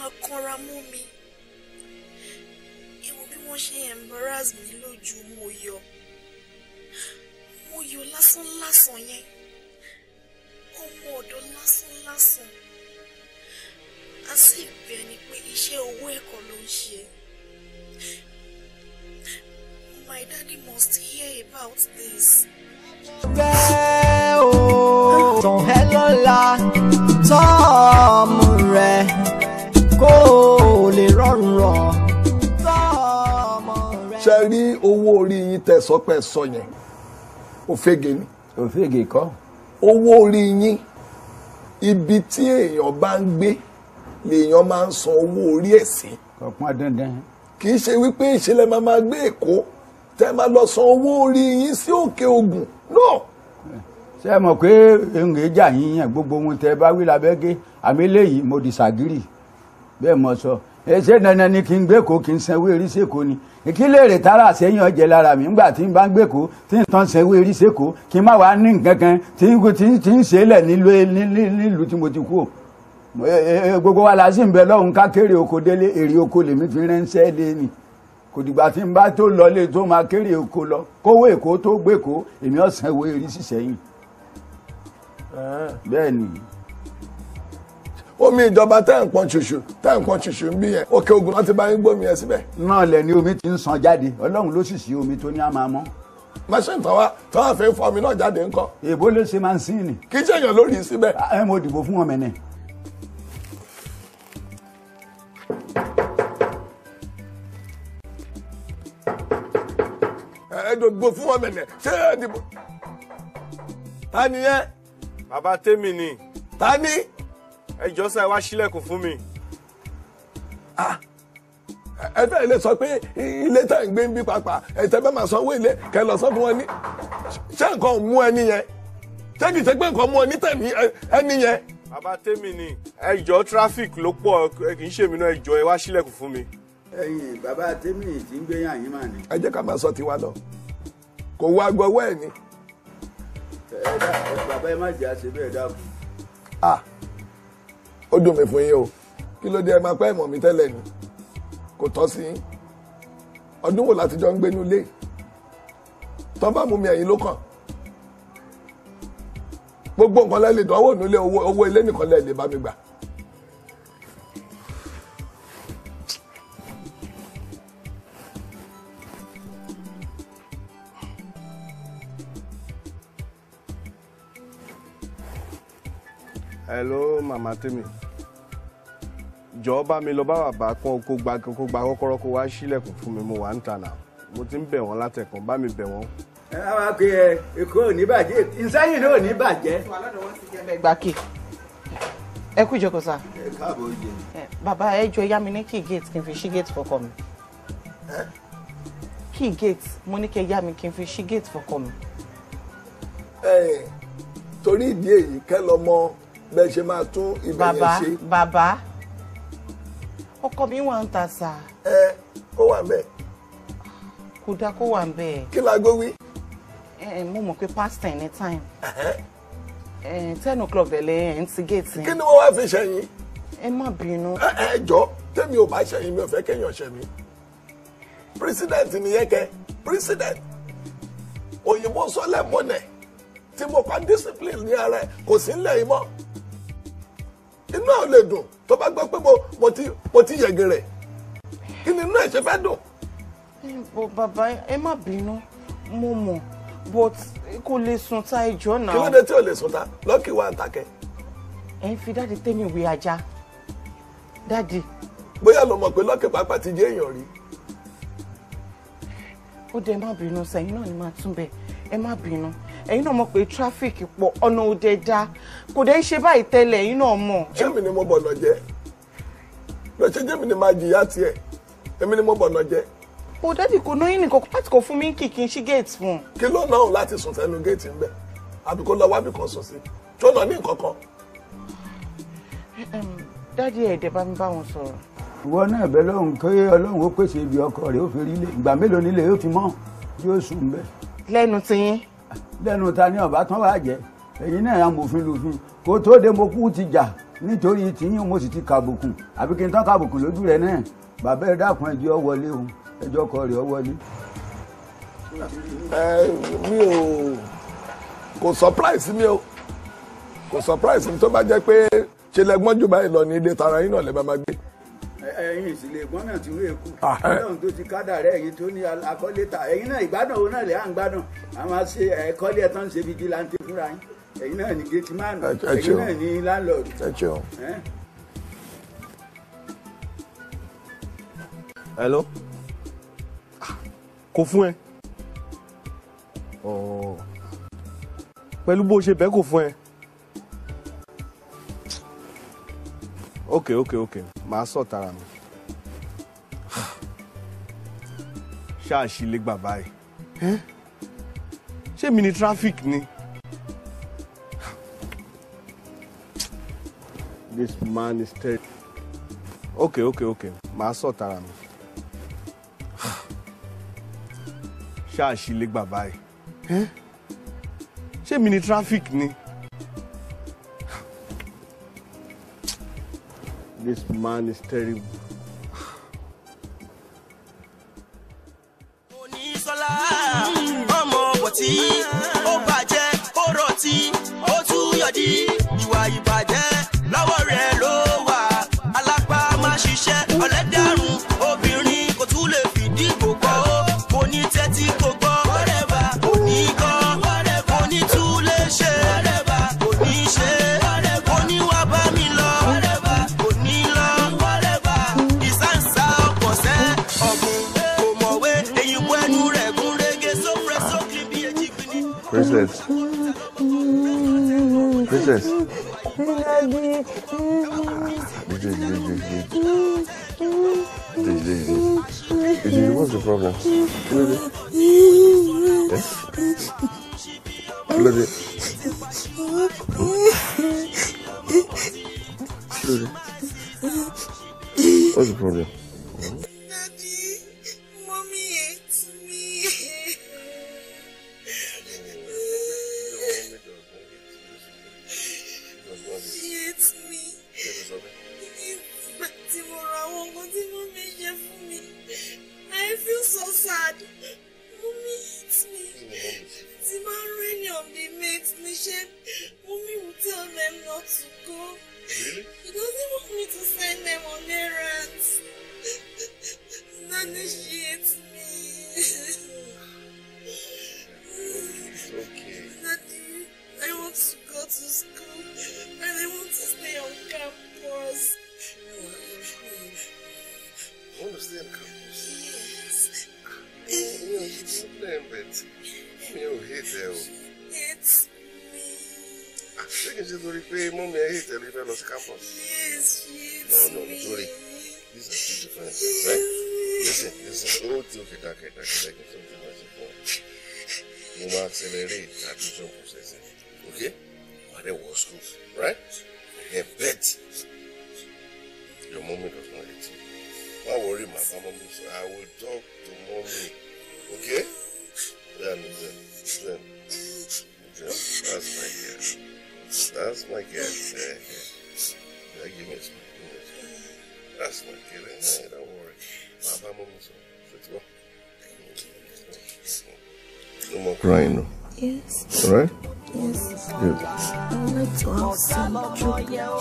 máa kanra mú mi ìwọ bí wọ́n ṣe embarrass mi lójú mo yọ mo yọ lásán yẹn ọmọ ọ̀dọ̀ lásán a sì bẹ ni pé iṣẹ́ owó ẹ̀kọ́ ló ń ṣe. My daddy must hear about this. bẹ́ẹ̀ o tàn ẹ́ lọ́la tọ́ ọmọ rẹ̀. owó orí yín tẹ́ sọ pé sọ yẹn òfegè ni. òfegè kọ́. owó orí yín ibi tí èèyàn bá ń gbé lèèyàn máa ń san owó orí ẹ̀ sí. kò pọn dandan. kì í ṣe wípé ìṣẹ̀lẹ̀ máa máa gbé èkó tẹ́ máa lọ san owó orí yín sí òkè ògùn náà. ṣé ẹ mọ̀ pé èrè jà yín yẹn gbogbo ohun tẹ́ bá wí lábẹ́gẹ́ àmì eléyìí mo di ṣàgírì bẹ́ẹ̀ mo sọ. So ṣé dandan ni kí n gbẹ́kọ̀ọ́ kí n sanwó erí sẹ́kọ̀ọ́ ni kí léèrè tara àṣẹyìn ọjẹ lára mi ńgbà tí n bá ń gbẹ́kọ̀ọ́ tí n tán sanwó erí sẹ́kọ̀ọ́ kí n má wàá ní nǹkan kan tí n tí n ṣẹlẹ̀ nílùú tí mo ti kú gbogbo wa la sì ń bẹ lọ́hùn ká kéré oko délé èrè oko lèmi fi ránṣẹ́ lé ni kò dìgbà tí n bá tó lọlé tó máa kéré oko lọ kówó èkó tó gbẹ́kọ̀ọ́ èmi ọ̀sán omi ìjọba tẹ́ ń pọn ṣoṣo tẹ́ ń pọn ṣoṣo ń bí yẹn òkè ogun láti bá yín gbómi yẹn síbẹ̀. náà lẹ ni omi ti ń san jáde ọlọ́run ló sì sí omi tó ní àmà mọ́. machine tọ́wá tọ́wá fẹ́ fọ omi náà jáde ńkọ́. èbó ló ṣe máa ń sìn ni. kì í ṣe èèyàn lórí síbẹ̀. ẹ mo dìbò fún ọmọ ẹ náà. ẹ dìbò fún ọmọ ẹ náà ṣé ẹ dìbò. ta ni yẹn. bàbá tèmi ni. ta ni ẹ jọ sá ẹ wá sílẹ̀kùn fún mi. Ah, ẹ fẹ́ lè sọ pé ilé tẹ̀ ń gbé ń bí pàápàá ẹ̀tẹ́ bẹ́ẹ̀ máa sanwó ilé kẹ́ lọ sọ fún wọn ní ṣé nǹkan mú ẹni yẹn ṣé kì í ṣe pé nǹkan mú ẹni tẹ̀ ní ẹni yẹn. bàbá tèmi ni ẹjọ́ traffic ló pọ̀ kì í ṣèmi náà ẹjọ́ ẹ wá sílẹ̀kùn fún mi. ẹ̀yin bàbá tèmi ti ń gbé yàn yín mà ní. ẹ jẹ́ ká máa sọ tiwa lọ kò wá gbọ́wọ́ ẹ̀ ni. ẹ dà bàbá ẹ má jẹ́ àṣẹ bẹ́ẹ̀ dàbò ó dùn mí fún yín o kí ló dé ẹ máa pẹ́ ìmọ̀ mi tẹ́lẹ̀ ni kò tọ́ sí yín ọdún wo láti jọ ń gbénú lé tó bá mú mi ẹ̀yìn ló kàn gbogbo nǹkan lẹ́ẹ̀lì dánwò nílé owó ilé nìkan lẹ́ẹ̀lì bá mi gbà. hello màmá tèmi jọ̀ọ́ bá mi lọ bá bàbá kan kó gba kó gba kọ́kọ́rọ́ kó wá sílẹ̀kùn fún mi mo wà ń tà náà mo ti ń bẹ̀ wọ́n látẹ̀kàn bá mi bẹ̀ wọ́n. a máa pe ẹ èkó ò ní bàjẹ́ ìsẹ́yìn náà ò ní bàjẹ́. gbàkì ẹ kú ìjókòó sá. ẹ káàbọ̀ oye. bàbá ẹ jọ yá mi ní kí gate kí n fi ṣí gate fọkọ mi. kí gate mo ní kí ẹ yá mi kí n fi ṣí gate fọkọ mi. ẹ torí ìdí èyí kẹ́ lọ bẹ́ẹ̀ ṣe máa tún ibẹ̀ yẹn ṣe. bàbá bàbá ọkọ mi wà ń ta sà. ẹ ó wà bẹ́ẹ̀. kò dáa kó wà bẹ́ẹ̀. kí la gbé wí. ẹ ẹ mo mọ̀ pé past ten ní time. ẹ ten o'clock dẹ̀ lẹ́yìn ẹ̀ ń ti géètì. kí ni wọ́n wá fi ṣẹ̀yìn. ẹ má bínú. ẹ ẹ jọ tẹ́mi ò bá ṣẹ̀yìn mi ò fẹ́ kéèyàn ṣẹ̀ mí president nìyẹn kẹ president òyìnbó sọlẹ̀ mọ́nẹ̀ tí mo pa discipline ní ara ẹ̀ kò sí nílẹ̀ yìí mọ́. inú ẹ̀ ò lè dùn tó bá gbọ́ pé mo ti mo ti yẹ̀gẹ̀rẹ̀ kí ni inú ẹ̀ ṣe fẹ́ dùn. bọ bàbá ẹ má bínú mo mọ̀ but kò lè sùn ta ìjọ náà. kí ló dé tí ò lè sùn ta lọ́kì wa ń takẹ́. ẹ ń fi dáàdi tẹ́mi ìwé ajá dáàdi. bóyá ló mọ̀ pé lọ́kì pàápàá ti jẹ́ èèyàn rí. ó dẹ má bínú sẹ́yìn náà ni màá tún bẹ̀ ẹ má bínú. ẹ̀yin náà mọ̀ pé traffic pọ̀ ọ̀nà òde dá kò dé ṣe báyìí tẹ́lẹ̀ ẹ̀yin náà mọ̀. sẹ́mi ni mo bọ̀nà jẹ́ lọ́sẹ̀ jẹ́mi ni máa jìyà tiẹ̀ èmi ni mo bọ̀nà jẹ́. bò dádì kò náà yín nìkan pàtì kò fún mi kìkì sí géètì fún. kí ló náà láti sùn sẹ́nu géètì ń bẹ̀ àbí kó lọ wá bìkan sùn sí tó náà ní nǹkan kan. dádì ẹ̀ẹ́dẹ̀ bá mi bá wọn sọ̀rọ̀ ìwọ náà bẹ lọ́hùn kí ọlọ́hùn ó pèsè ibi ọkọ rẹ̀ ó fi rí lé ìgbà mélòó nílé yóò fi mọ́ tí sùn bẹ́ẹ̀. lẹ́nu tiyín lẹ́nu ta ni ọ̀bá tán wàá jẹ́ ẹ̀yin náà amòfin lòfin kó tó dé mo kú ti jà nítorí tìyín mo sì ti kàbùkù àbí kí n tán kàbùkù lójú rẹ náà bàbá ẹ dákun ẹ jẹ́ ọ wọlé o ẹjọ́ kọ rẹ̀ ọ wọlé. ẹ mi ò kò surprise mi o kò surprise mi tó bá jẹ́ pé ṣe lẹ́gbọ́n jù báyìí lọ ní ilé tara yín náà lẹ́ bá máa gbé ẹ̀yin ìsìlẹ̀ ìgbọ́n náà ti rí èkó ah, eh. ọlọ́run tó ti kádà rẹ̀ ẹ̀yin tó ní akọ́létà ẹ̀yin náà ìgbádùn òun náà lè à ń gbádùn àwọn ṣe ẹ̀kọ́lé eh, ẹ̀tọ́ ń ṣe bíi dílàntì fúnra yín ẹ̀yin náà ní géètì máàlù ẹ̀yin náà ní láńlọ́ọ̀dù. Eh, hello ah, kò fún ẹ oh. pẹ̀lú bó ṣe bẹ́ẹ̀ kò fún ẹ. Okay, okay, okay. màá sọ tara mi ṣáàṣì lè gbà báyìí ṣé mi ni traffic ni. this man is terrible. Okay, okay, okay. màá sọ tara mi ṣáàṣì lè gbà báyìí ṣé mi ni traffic ni. This man is terrible. ọmọ bọ̀tí ó bàjẹ́ ó rọ̀tí ó tún yọ̀dí ìwà ìbàjẹ́ lọ́wọ́ rẹ̀ ló wà alápá má ṣiṣẹ́ ọ̀lẹ́dàrún. princess. Jay, Jay, Jay, What's the problem?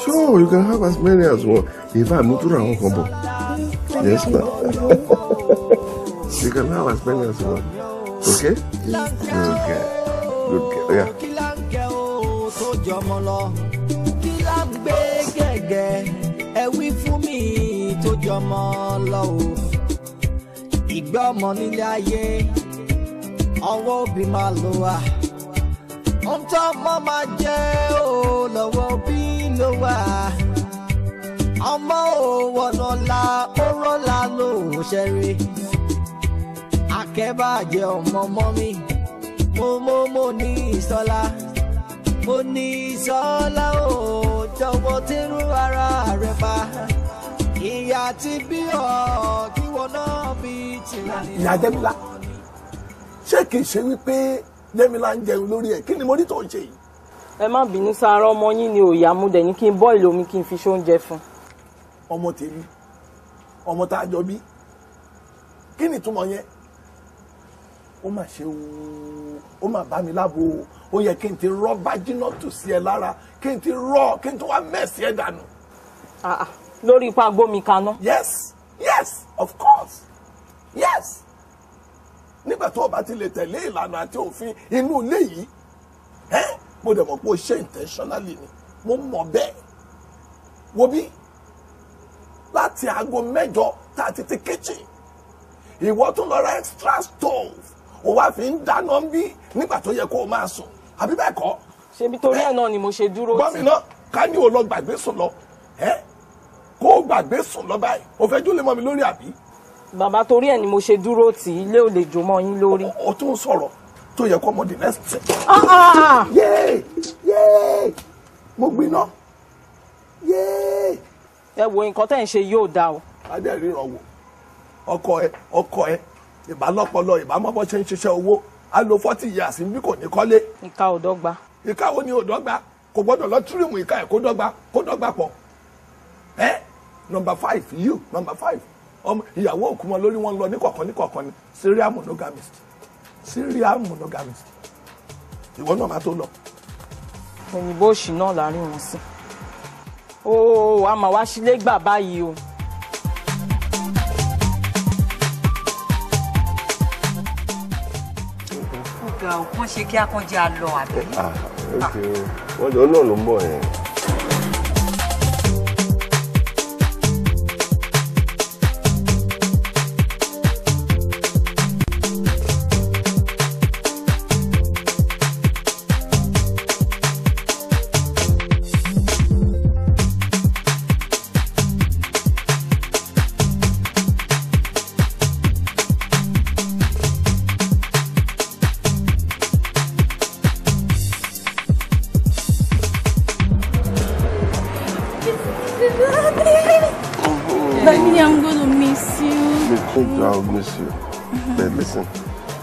Sure, you can have as many as one. If fact, mo tún ra àwọn Yes, ma. you can have as many as one. Okay? Yes. Okay. Good girl. Yeah. Ẹ fún mi tó jọmọ lọ o, ìgbẹ́ ọmọ nílé ayé, ọwọ́ òbí máa lo wa ohun tọ́mọ máa jẹ ò bí ló wà ọmọ ò wọ̀nà la ó rọ́lá ló ṣẹ́rí akẹ́bàjẹ́ ọmọ ọmọ mi mo mo mo ní ìsọlá mo ní ìsọlá ò jọ̀wọ́ tẹ́rù ara rẹ̀ pa ìyá ti bí ọ kí wọn náà bí tìrani. ìyá jẹ́ mi la ṣé kìí ṣe wípé. Yẹ́milá ń jẹun lórí ẹ̀ kí ni mo rí tó ń ṣe yìí. ẹ má bínú sáárá ọmọ yín ni òòyà mú dẹ̀ ní kí n bọ́ọ̀lì omi kí n fi ṣóúnjẹ fún. ọmọ tèmi ọmọ tá a jọ bí kí ni ìtumọ̀ yẹn ó mà ṣe o ó mà bá mi lábo o ó yẹ kí n ti rọ bájínọ́tù sí ẹ lára kí n ti rọ kí n tó wá mẹ́sì ẹ dànù. Ah, ah, lórí ipa gbómi kaná. yes yes of course yes nígbà tó o bá ti lè tẹ̀lé ìlànà àti òfin inú ilé yìí ẹ́ mo dẹ̀ mọ̀ pé o ṣe intentionally ni mo mọ̀ bẹ́ẹ̀ wo bí láti aago mẹ́jọ tá a ti ti kitchen ìwọ tún lọ ra extra stove o wá fi ń dáná ń bí nígbà tó yẹ kó o máa sùn àbí bẹ́ẹ̀ kọ́. ṣebí torí ẹ̀ náà ni mo ṣe dúró tì. gbọ́mìnà ká ní o lọ gbàgbé sùn lọ kó o gbàgbé sùn lọ báyìí o fẹ́ jólè mi lórí àbí bàbá torí ẹ̀ ni mo ṣe dúró tì í ilé ò lè jò mọ́ yín lórí. o tún sọ̀rọ̀ tó yẹ kó mọ the ah, ah, ah, yéé yéé mo gbiná yéé. ẹ wo nǹkan tẹ́ ń ṣe yóò dáa o. adé ríran wò ọkọ ẹ ọkọ ẹ ìbálòpọlọ ìbámọ́bọ́ ṣe ń ṣiṣẹ́ owó á lo forty years bí kò ní kọ́lé. ìka ò dọ́gba. ìka ò ní ò dọ́gba kò gbọ́dọ̀ lọ tírìmù ìka ẹ̀ kó dọ́gba kó dọ́gba pọ̀ ẹ́ nọmba five you number five ọmọ ìyàwó òkú wọn lórí wọn lọ níkọ̀kan níkọ̀kan ni serial monogamist serial monogamist ìwọ náà máa tó lọ. òyìnbó òṣì náà láàrin wọn sí ó wàá máa wá sílé gbà báyìí o. ọ̀gá òkú ṣe kí akọ́jà lọ àbí. Ah, wọ́n jọ náà ló ń bọ̀ yẹn.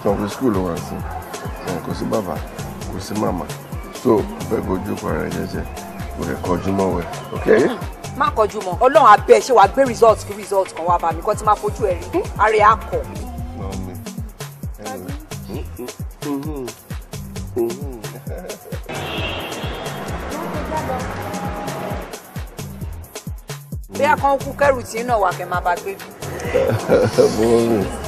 ọkùnrin skul ló wà sí kò sí bàbá kò sí màmá so bẹ́ẹ̀ bójú kọ ara jẹ́jẹ́ kò lè kọjú mọ́ wẹ̀ ok. Ah, má kọjú mọ́ Ọlọ́run abẹ ṣe wàá gbé result kí result kan wá bá mi kó tí máa fojú ẹ rí ààrẹ akọ. a kan kú kẹrù tí ń nà wà kẹ máa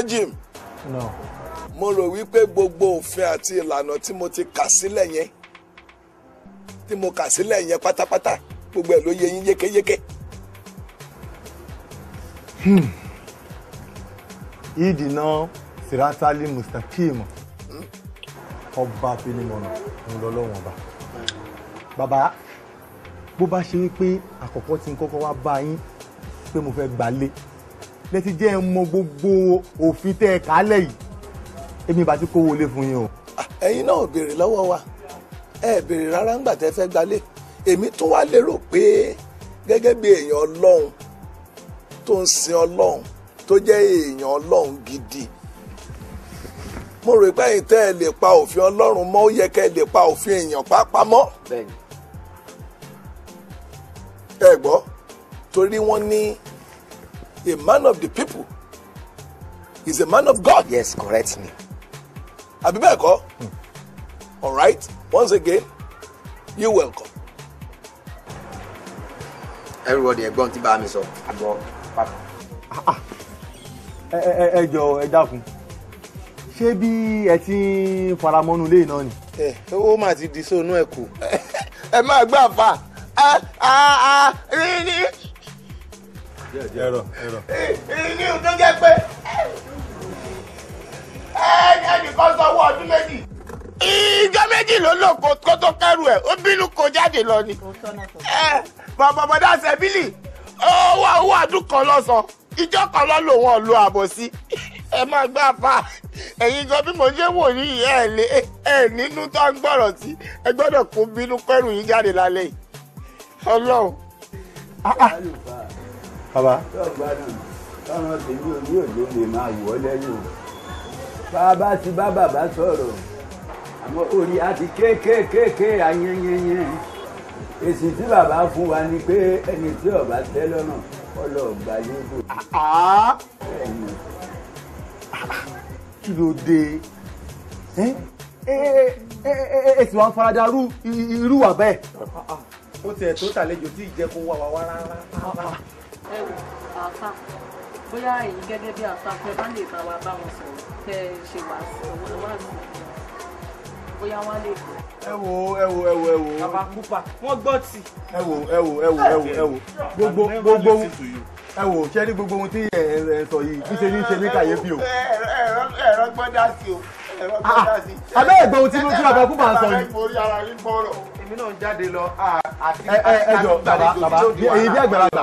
Ibrahim mo rò wípé gbogbo òfin àti ìlànà tí mo ti kà sílẹ̀ yẹn tí mo kà sílẹ̀ yẹn pátápátá gbogbo ẹ̀ ló yẹ yín yékéyéké. Hmm. ìdìnnà siratali mustaqim ọba finimọ̀nà ń lọ lọ́wọ́n ọba. bàbá bó bá ṣe wípé àkọ́kọ́ tí n kọ́kọ́ wá bá yín pé mo fẹ́ gbalé lẹ́tí jẹ́ ẹ mọ gbogbo òfin tẹ́ ẹ kálẹ̀ yìí èmi bá ti kówó lé fún yín o. ẹ̀yin náà ò béèrè lọ́wọ́ wa ẹ béèrè rárá ńgbà tẹ́ fẹ́ gbalé èmi tún wá lérò pé gẹ́gẹ́ bí èèyàn ọlọ́run tó ń sin ọlọ́run tó jẹ́ èèyàn ọlọ́run gidi mo rò pé ẹ̀yin tẹ́ ẹ lè pa òfin ọlọ́run mọ́ ó yẹ kẹ́ ẹ lè pa òfin èèyàn pápá mọ́ ẹ gbọ́ torí wọ́n ní. Ni a man of the people He's a man of God. yes correct me. àbí bẹ́ẹ̀ hmm. all right once again you welcome. everybody ẹ̀gbọ́n tí bá mi me àgbọ̀ papa. Ah, ah. ẹ ẹ ẹ jọ ẹ dákun ṣé bí ẹ ti ń faramọ́nu lé náà ni. ẹ eh, ó mà ti di sóònù ẹ kù. ẹ máa gbà fà á á á rí ẹ̀rọ ẹ̀rọ. ní ìlú tó jẹ́ pé ẹnìkan sanwó ọdún méjì. ìjọ méjì ló lò kó tó kẹrù ẹ̀ ó bínú kó jáde lọ ni. bọ̀bọ̀bọ̀dá sẹ́bílì owó owó ọdún kan lọ́sàn ìjọ kan lọ́ lò wọ́n lo àbọ̀ sí ẹ máa gbá fa ẹ̀yin gan bí mo ṣe wò ní ìyá ẹ̀ lé ẹ̀ nínú tó ń gbọ́rọ̀ sí ẹ gbọ́dọ̀ kó bínú kẹ́rù yín jáde lálẹ́ yìí bàbá. táwọn tèmi ò ní òde lè máa wọ̀ ọ́ lẹ́yìn o bàbá ti bá bàbá sọ̀rọ̀ àmọ́ orí àti kéékèèké ayẹyẹyẹ èsì tí bàbá fún wa ni pé ẹni tí ọba tẹ́ lọ́nà ọlọ́ọ̀gbà yóò bò. kí ló dé èsì wa ń farada irú wà bẹ́ẹ̀. ó tiẹ̀ tó tàlejò tí ìjẹ́ kó wà wá rárá ẹ wò àáfà bóyá èyí gẹ́gẹ́ bí àáfà pé bá lè bá wa bá wọn sọ̀rọ̀ kẹ́ ẹ ṣe wá sí bóyá wọn lè kọ́. ẹ wo ẹ wo ẹ wo ẹ wo. bàbá pupa wọn gbọ́ tì. ẹ wo ẹ wo ẹ wo ẹ wo ẹ wo gbogbo gbogbo ẹ wò ṣe ní gbogbo ohun tí ẹ ẹ sọ yìí bí ṣe ní ṣe ní kàyéfì o. ẹ̀rọ gbọ́dá sí o ẹ̀rọ gbọ́dá sí. abẹ́ ẹ̀gbọ́n ohun tí bàbá pupa sọ yìí. ẹ̀rọ ìforí ara èmi náà ń jáde lọ àti àgbàlagbà èyí bí àgbàlagbà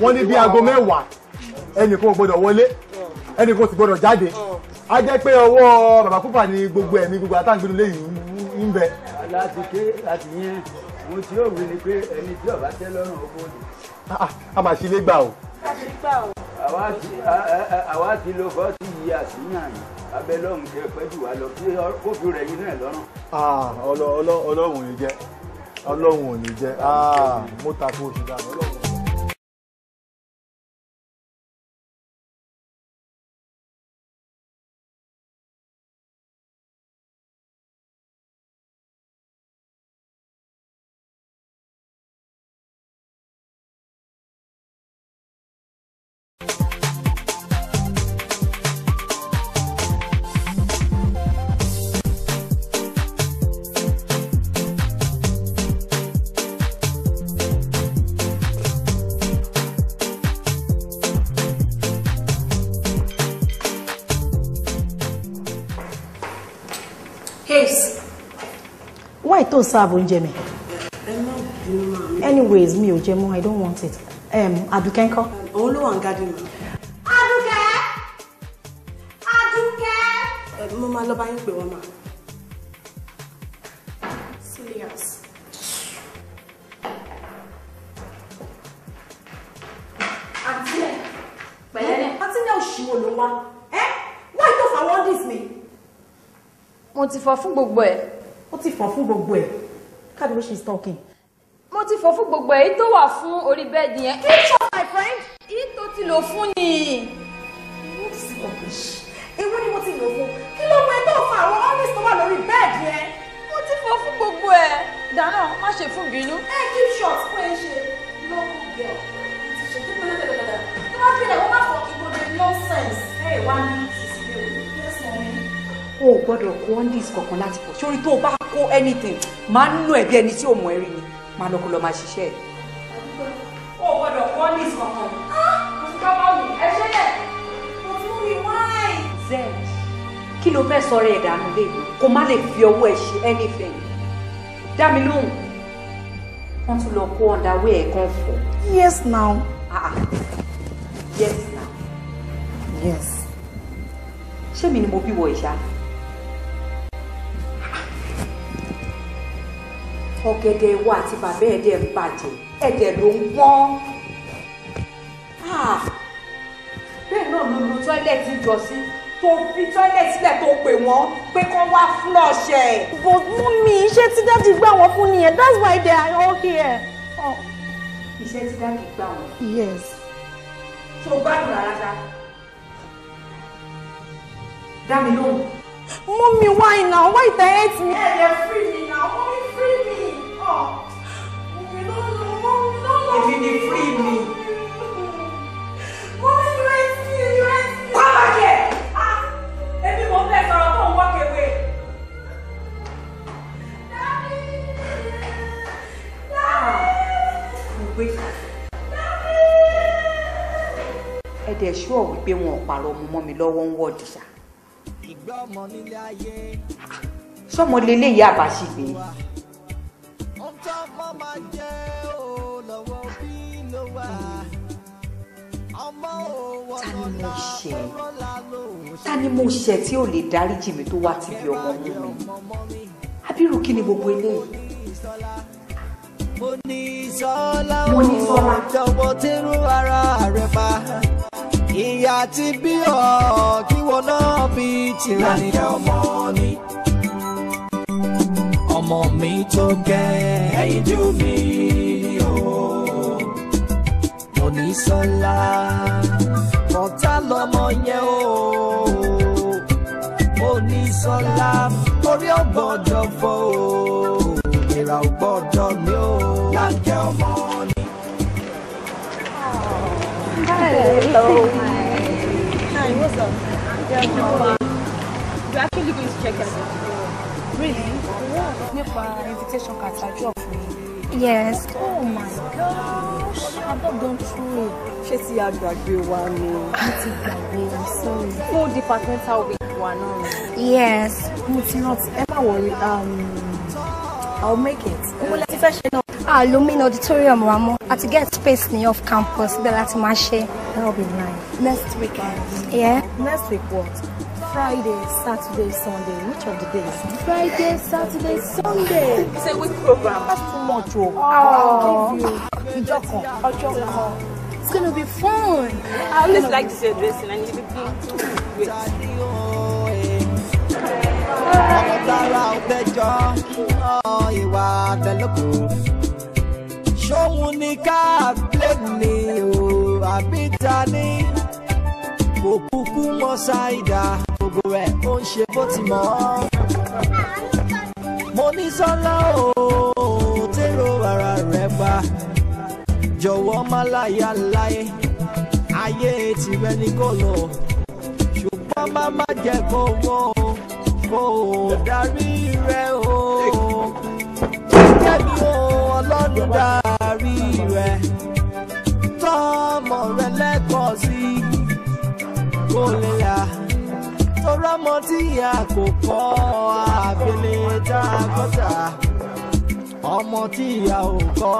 wọ́n ní bí aago mẹ́wàá ẹnì kan ò gbọ́dọ̀ wọlé ẹnì kan ò sì gbọ́dọ̀ jáde a jẹ́ pé ọwọ́ bàbá kúpà ni gbogbo ẹ̀mí gbogbo àtàǹgbìnrin lẹ́yìn ń bẹ. láti ké láti yẹn mo ti yóò wí ni pé ẹni tí ọba tẹ́ lọ́rùn ó bòde. Ah, ah, a máa ṣe ilé gbà o. àwa ti lo fọ́ọ̀tì yìí àṣìyàn yìí abẹ́ lọ́hùn-ún kẹ́ pẹ́jù wá lọ kí kófin rẹ̀ yín náà lọ́rùn. Ah, ọlọ́run yìí jẹ́ ọlọ́run ò ní jẹ́ ah, mo tako oṣù dànù ọlọ́run. tó ń oúnjẹ mi. anyways mi ò jẹ mọ́ i don't want it um, Aduke. ńkọ́. òun ló wà ń gádùn mi. Àdùkẹ́ Àdùkẹ́. mo máa lọ bá yín pè wọ́n máa. serious. àtìlẹ̀ pẹ̀lẹ́lẹ̀ àtìlẹ̀ òṣìwò ló wá ẹ́ wáyé tó fà wọ́n dìs mi. mo ti fọ fún gbogbo ẹ̀ fọ̀ fún gbogbo ẹ̀ look at the way she's talking. mo ti fọ̀ fún gbogbo èyí tó wà fún orí bẹ́ẹ̀dì yẹn kí ṣọ́ my friend èyí tó ti lò fún ni. what is rubbish ewu ni mo ti lò fún kí ló mọ ẹgbẹ́ òfin àwọn ọ́nìsì tó wà lórí bẹ́ẹ̀dì yẹn. mo ti fọ̀ fún gbogbo ẹ̀ dáná má ṣe fún bínú. ẹ keep short pé ń ṣe local girl ti ṣe kí pẹ̀lẹ́ pẹ̀lẹ́ pẹ̀lẹ́ tó bá fi ẹ̀wọ̀n má fọ ìgbòdè nonsense ẹ o ò gbọ́dọ̀ kó undies kankan láti pọ̀ sórí tó o bá kó anything máa ń nù ẹ̀ bí ẹni tí ò mọ ẹ̀rí ni máa lọ́kọ́ lọ́ọ́ máa ṣiṣẹ́ ẹ̀. o ò gbọ́dọ̀ kó undies kankan. Ah! mo ti bá wù ẹ ṣẹlẹ̀ mo fún mi wáì. zed kí ló fẹ́ sọ rẹ̀ dànù lébi kó má lè fi ọwọ́ ẹ̀ ṣe anything dá mi lóhùn wọ́n tún lọ kó underwear ẹ̀ kan fọ̀. yes now. Ah, ah yes now. yes. ṣé mi ni mo bí wọ ìṣá. ọ̀gẹ̀dẹ̀ wa àti bàbá ẹ̀dẹ̀ ń bàjẹ́ ẹ̀dẹ̀ ló ń pọ́n ah! bẹ́ẹ̀ náà ló lu tọ́ílẹ̀tì jọ sí tó fi tọ́ílẹ̀tì sílẹ̀ tó pè wọ́n pé kán wá flush ẹ̀. but mummy iṣẹ́ tí dájú gbà wọ́n fún nìyẹn that's why they are all here. Oh, iṣẹ́ tí dájú gbà wọ́n. yes. tó gbádùn rárá dá. dá mi lóhùn. mummy why now why you dey hate me. ẹ ẹ free me now mummy free me èmi ni free me. mo ní yúrẹ́sì yúrẹ́sì. wá bàjẹ́ èmi mò ń bẹ sọ̀rọ̀ tó ń wá kéwé. ẹ dẹ̀ ṣúọ̀ wípé wọn ò pààrọ̀ ọmọ mọ́ mi lọ́wọ́ ń wọ́ọ̀dì ṣá. ìgbà ọmọ sọmọ lélẹ́yìí àbáṣe gbé tọ́mọ máa jẹ ò lọ́wọ́ bí ló wà ọmọ òwò ọ̀la ọlọ́la ló ń ṣe. ta ni mo ṣe tí ò lè dáríjì mi tó wá ti bí ọmọ mi mi abirù kí ni gbogbo eléyìí. mo ní sọ́lá ò jọ̀wọ́ tẹ́rù ara rẹ̀ pa ìyá ti bí ọ̀ kí wọn náà fi tìrànìyàn ọmọ ni ọmọ mi tó gẹ́ ẹyinjú mi o Mọ́nísọ́lá mọ̀tá lọmọ yẹn o Mọ́nísọ́lá orí ò gbọ́dọ̀ fọ́ o ìlera ò gbọ́dọ̀ mi o láǹkẹ́ ọmọ ni. Hello. Hi, what's up? Yeah, actually going to check out. Really? nípa invitation card àjọ fún mi. yes oh my gosh i don don through it. ṣé tí a gbàgbé wa ni. mo ti gbàgbé mi sorry. Full departmental week wa náà. yes mo ti rántí ẹ má wọrí um, i'll make it. òun lè ti fẹ́ ṣe náà. a ah, lo main auditorium wa mọ àti get space ní off campus bẹ́ẹ̀ láti máa ṣe. that will be nice. next week. Yeah. next week what? Friday, Saturday, Sunday. Which of the days? Friday, Saturday, Sunday. It's a week program. That's too much, oh. I'll give you. Ọjọ́ kan. It's gonna be fun. I always like this your dressing and you be Wait. Ọmọ tara ọ̀tẹ̀jọ́ ìwà àtẹ̀lókù. Ṣóhun ni gbogbo rẹ̀ ó ń ṣe bó ti mọ̀ ọ́. mo ní sọ́lá ooo tèrò ara rẹ̀ pa jọ̀wọ́ má láyà láyé ayé tìrẹ ni kò lọ ṣùgbọ́n má má jẹ́ kó wọ́n o kó o darí rẹ̀ o jẹ́bi o ọlọ́run darí rẹ̀ tọ́ ọmọ rẹ̀ lẹ́kọ̀ọ́ sí kò lè yá rọ́mọ tí ìyá kò kọ́ àfẹlẹ tá a kọta ọmọ tí ìyá ò kọ́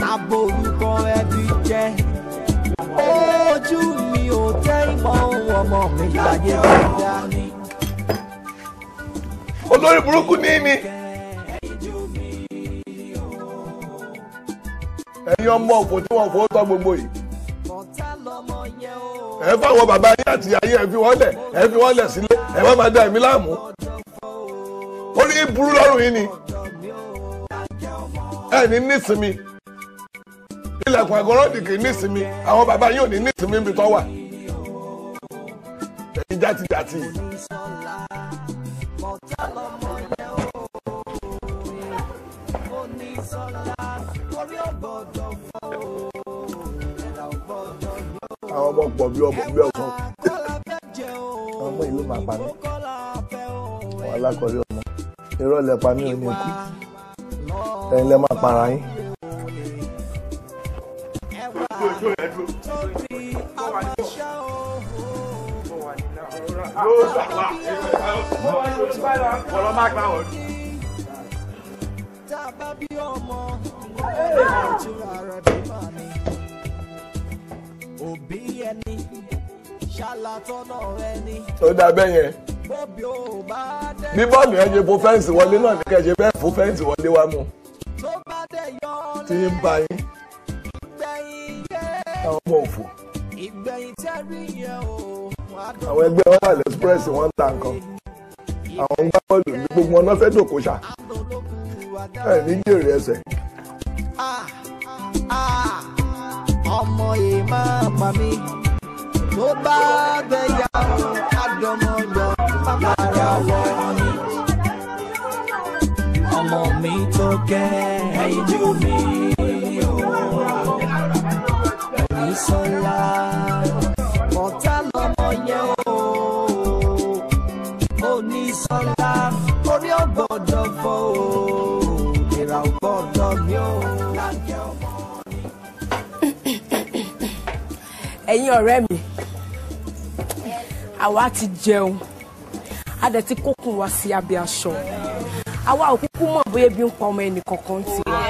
tábò orúkọ ẹbí jẹ́ ojú mi ò tẹ́ ìmọ̀ ohun ọmọ mi láyé dáadáa. olórí burúkú ní mi. ẹ̀yin ọmọ òfò tí wọ́n fowó tọ́ gbogbo yìí. kọ̀tà lọmọ yẹn o ẹ fáwọn bàbá yín àti ayé ẹ fi wọ́n lẹ̀ ẹ fi wọ́n lẹ̀ sílé ẹ wá máa da ẹ̀mí láàmú. ó ní burú lọ́rùn yín ni ẹ ní nísìmí ilẹ̀kùn àgọ́rọ́ dì kì í nísìmí àwọn bàbá yín ò ní nísìmí níbi tó wà. ẹ̀yin játijàti. Orí ọ̀gbọ̀dọ̀ fún. àwọn ọmọ pọ̀ bí ọmọ bí ọkàn ọmọ ìlú máa pa mí àwọn alákọ̀ọ́lẹ̀ ọmọ irọ́ lẹ pa mí ò ní kú ẹ̀yin lẹ máa para yín. Tá a bá bí ọmọ, ọmọ ìtura rẹ̀ bí màmí òbí ẹni ṣàlàtọ́nà ẹni. ó dà bẹ́ẹ̀ yẹn bí bọ́ọ̀lù yẹn ṣe fò fẹ́ǹsì wọlé náà ní kẹ́ṣe bẹ́ẹ̀ fò fẹ́ǹsì wọlé wa mú. tí ń ba yín àwọn ọmọ òfò àwọn ẹgbẹ́ wa express wọ́n ń ta nǹkan àwọn ń gbá bọ́ọ̀lù ní gbogbo ọ̀nà fẹ́ dòkó ṣá ọmọ yìí máa pa mí tó bá bẹ yà ó àdọmọ yọ bàbára wọ ni. ọmọ mi tó kẹ́ ẹyin jù mí o èyí sọlá ọ̀tá lọmọ yẹn o ò ní sọlá torí ọgbọ́dọ̀ fọ́ o ìrà ọgbọ́dọ̀ mi o. ẹ̀yin ọ̀rẹ́ mi àwa ti jẹun a dẹ̀ ti kókun wá sí abẹ́ aṣọ àwa ò kúkú mọ̀ bóyá ebi ń pa ọmọ ẹnì kankan ti wá.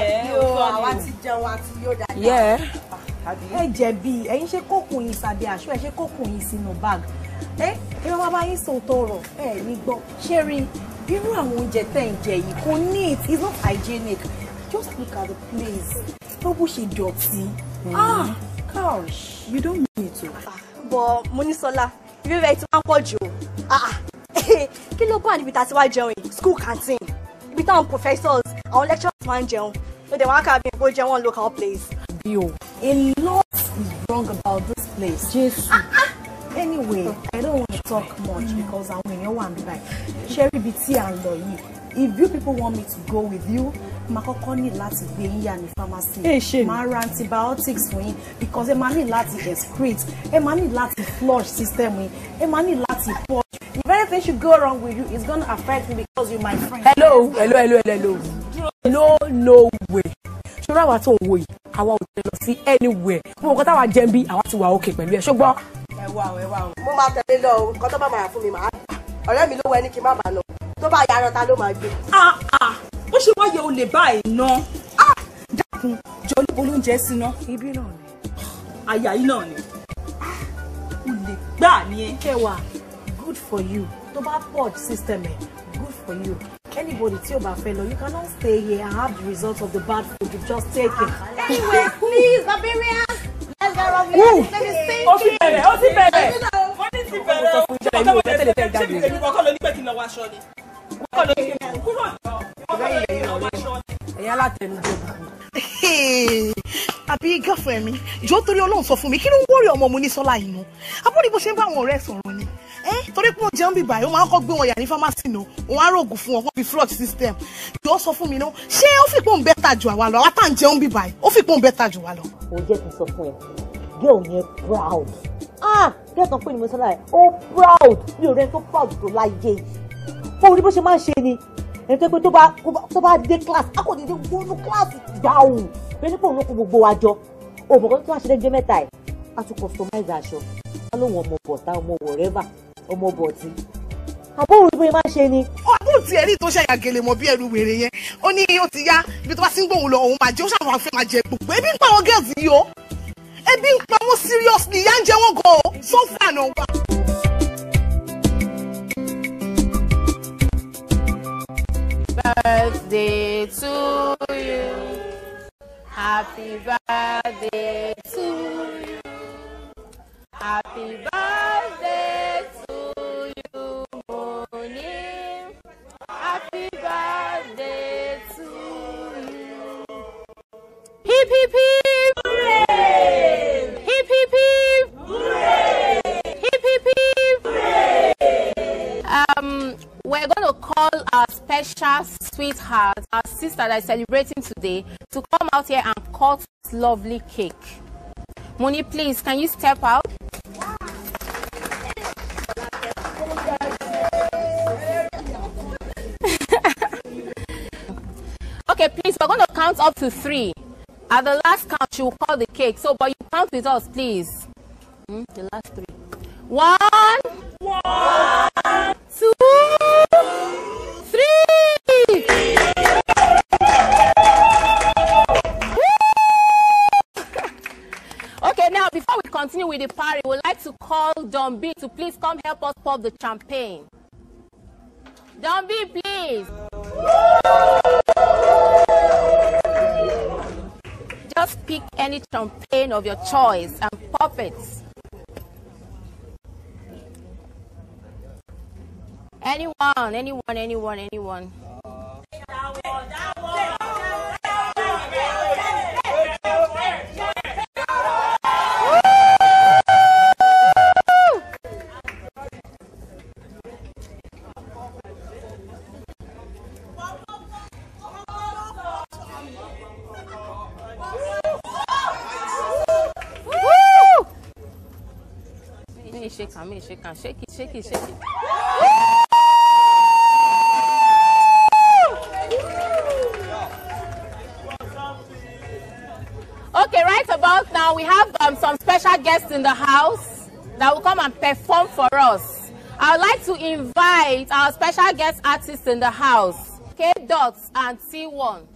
àwa ti jẹun àti yóò dáadáa. ẹ jẹ̀bi ẹ̀yin ṣe kókun yìí sàbẹ̀ aṣọ ẹ̀ ṣe kókun yìí sínú báàgì ẹ ẹ máa bá yín sòótọ́ ọ̀rọ̀ ẹ ní gbọ́ ṣé rí irú àwọn oúnjẹ tẹ̀ ń jẹ yìí kò neat it's not hygienic just look at the place tó bó ṣe dọ̀tí. Mm. Ah! How? You don't need to. But Monisola, ìwé rẹ̀ ti máa ń pọ̀ jù o. Ah, ah. Kí ló bá níbi tá a ti School canteen. Ibi táwọn professors, àwọn lecturers man ń jẹun. Ló dẹ̀ wọ́n á kà one local place. Bio, a lot is wrong about this place. Jesus. Ah, anyway, I don't want to talk much because I'm in your níbàyìí. Ṣé rí ibi tí à ń If you people want me to go with you, máa kọ́kọ́ ní láti gbé yín yà ní pharmacy máa ra antibiotics fún yín because ẹ máa ní láti excrete ẹ máa ní láti flush system yín ẹ máa ní láti purge if anything should go wrong with you it's gonna affect me because you my friend. hello hello hello hello no no way ṣọ́ra wa tó ń wo yìí àwa ò tẹ̀lé lọ sí anywhere mo mọ̀ kọ́ táwa jẹ́ ń bí àwa ti wà òkè pẹ̀lú ẹ̀ ṣùgbọ́n. ẹ wá ẹ wá o. mo máa tẹ̀lé lọ o nǹkan tó bá máa fún mi màá ọ̀rẹ́ mi ló wọ ẹni kí n má bàa lọ tó bá yára ta ló máa gbé. Ah, ah ó ṣe wáyé o lè bá iná á ah, dákun jọ níbo ló ń jẹ́ síná. ibi náà ni. àyà yìí náà ni. Ah, o lè gbà ní ẹ. kẹwàá good for you tó bá purge system ẹ good for you anybody tí o bá fẹ́ lọ you cannot stay here and have the result of the bad food you just taken. Ah, anyway please barbarians let's get off here let me stay. ó ti bẹ̀rẹ̀ ó ti bẹ̀rẹ̀ wọ́n ti ti bẹ̀rẹ̀ o. ọ̀sán mo jẹ́ ìlú tẹ́lẹ̀ tẹ́lẹ̀ jáde. ṣé ìgbẹ́ni kọ́kọ́ ló ní pé kí n lọ wá aṣọ ni. kọ́kọ́ ló ní pé kí n lọ ẹ̀yin alátẹnudẹ àbí gáfẹ́ mi jọ torí ọlọ́run sọ fún mi kí ló ń wọ́ọ̀rì ọmọ mo ní sọ́lá yìí nù abúlé bó ṣe ń bá àwọn ọ̀rẹ́ sọ̀rọ̀ ni torí pé oúnjẹ ń bì báyìí ó máa ń kọ́ gbé wọn yà ní fámásì nù wọn á rògùn fún wọn wọn fi flood system jọ sọ fún mi náà ṣé ó fi pọ́n bẹ́tà jù àwa lọ àwa tá à ń jẹun bì báyìí ó fi pọ́n bẹ́tà jù wa lọ. o jẹ́ kí sọ fún ẹ girl yẹn proud ah girl kan pé ni mo sọ láyé ó proud mi ò rẹ tó proud tó láyé yìí fún orí bó ṣe máa ń ṣe ni ẹni tó pé tó bá dé kíláàsì a kò dédé wọnú kíláàsì gbàù pé nípò òun ló kó gbogbo wa jọ òmùkọ́ tó wá ṣe lẹ́jọ́ mẹ́ta ẹ̀ a tún customize aṣọ wọn lóun ọmọ bọ̀tá ọmọ wọ̀rẹ́bà ọmọ bọ̀tí àbúrò bí mo máa ṣe ni. ọdún tiẹ̀ rí tó ṣàyà gèlè mọ́ bí ẹrú wèrè yẹn ó ní ó ti yá ibi tó bá ti ń gbóhùn lọ òun máa jẹ ó ṣàwọn afẹ́ máa jẹ gbogbo ebi ń pa àwọn girls yìí o ebi ń pa wọn seriously ìyà ń jẹ wọn gan o so far náà wà. birthday to you. Happy birthday to you. Happy birthday to you, Moni. Happy birthday to you. Hip, hip, hip. Hooray! Hip, hip, hip. Hooray! Hip, Um, we're going to call our special sweetheart, our sister that is celebrating today, to come out here and cut this lovely cake. Moni, please, can you step out? okay, please, we're going to count up to three. At the last count, she will call the cake. So, but you count with us, please. Hmm, the last three. One. One. Two continue with the party, we'd like to call Don B to please come help us pop the champagne. Don B, please. Just pick any champagne of your choice and pop it. Anyone, anyone, anyone, anyone. shake, I mean shake, shake it, shake it, shake it. to invite our special guest artists in the house, K Dots and c 1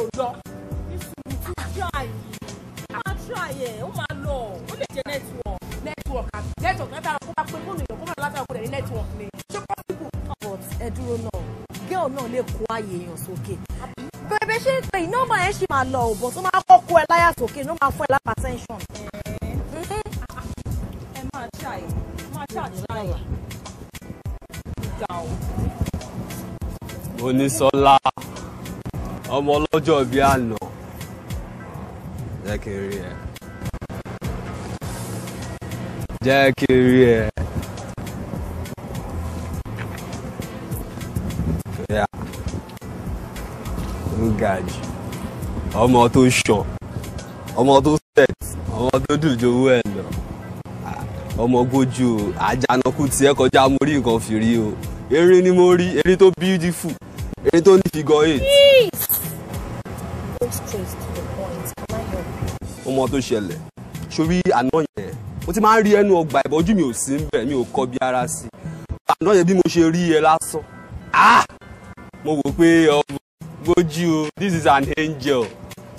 ò lọ nísìnyí try máa try ẹ̀ ó máa lọ ó lè jẹ́ network network àti network látara kó bá pé fóònù èèyàn kó máa látara kó lè ní network ni ṣé possible. but ẹ dúró náà girl náà lè kó ààyè èèyàn sókè bẹ̀rẹ̀ ṣe ń pè nọ́mbà yẹn ṣì máa lọ òbọ̀ tó máa kọ́kọ́ ẹ láyà sókè ló máa fún ẹ lápá tẹ́ńṣọ̀n. ẹ máa ṣàì máa ṣàṣàì ìjà o. Onísọlá ọmọ ọlọ́jọ́ bíi àná jẹ́ kí n rí ẹ jẹ́ kí n rí ẹ. Ngaji ọmọ tó ṣọ ọmọ tó set ọmọ tó dùn jowó ẹ lọ ọmọ gbójú àjànàkú tiẹ̀ kọjá mo rí nǹkan fìrí o erin ni mo rí erin tó beautiful erin tó ní figure eight go straight to the point can I help you. ọmọ tó ṣẹlẹ̀ sórí àná yẹn mo ti máa ń rí ẹnu ọgbà ìbọjú mi ò sí ń bẹ̀ mi ò kọ bí ara sí i àná yẹn bí mo ṣe rí ẹ lásán ah! mo wò pé ọmọ gbójú o this is an angel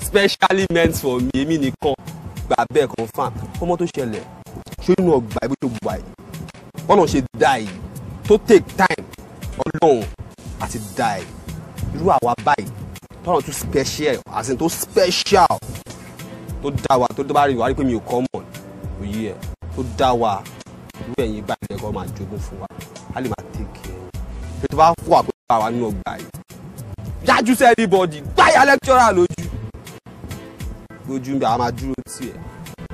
specially meant for me èmi nìkan gbà bẹ́ẹ̀ confam ọmọ tó ṣẹlẹ̀ ṣó inú ọgbà ìbí tó wà yìí ọ̀nà ṣe dá yìí tó take time ọlọ́run àti dá yìí irú àwa báyìí tọ́rọ̀ tún special as tó special tó dá wa tó bá rí wa rí pé mi ò common òye ẹ̀ tó dá wa irú ẹ̀yin báyìí lẹ́kọ́ máa jogún fún wa a lè máa take care tó bá fún wa pé bá wa nínú ọgbà yìí yájú sí everybody gbáyà lecturer lójú lójú bí a máa dúró tì ẹ̀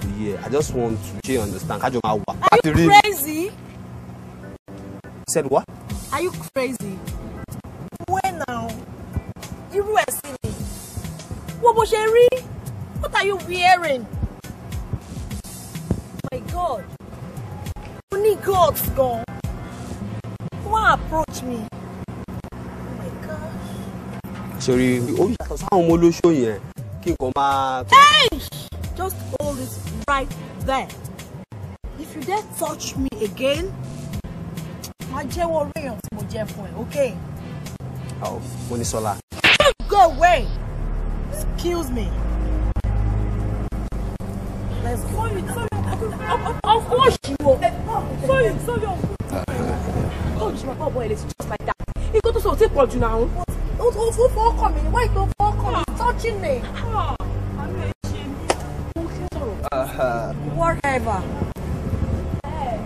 òye ẹ̀ I just want to ṣe understand kájọ máa wà. Are you crazy? Said what? Are you crazy? Where now? irú ẹ̀ sí ni wo bó ṣe rí what are you wearing my god mo ní gods gan wọ́n approach me oh my god. sori ó yàtọ̀ sáwọn ọmọ olóṣó yẹn kí nǹkan máa. just hold it right there if you dare touch me again máa jẹ́wọ́ ríyàn tí mo jẹ́ fún ẹ ok. mo ní sọlá. Go away. Excuse me. Let's go. Sorry, sorry. Of course you will. Sorry, sorry. Oh, you should oh, boy, it's just like that. He got to sort sick for you now. Don't go for coming. Why don't for coming? Ah. Touching me. Ah, uh-huh. Whatever. Eh.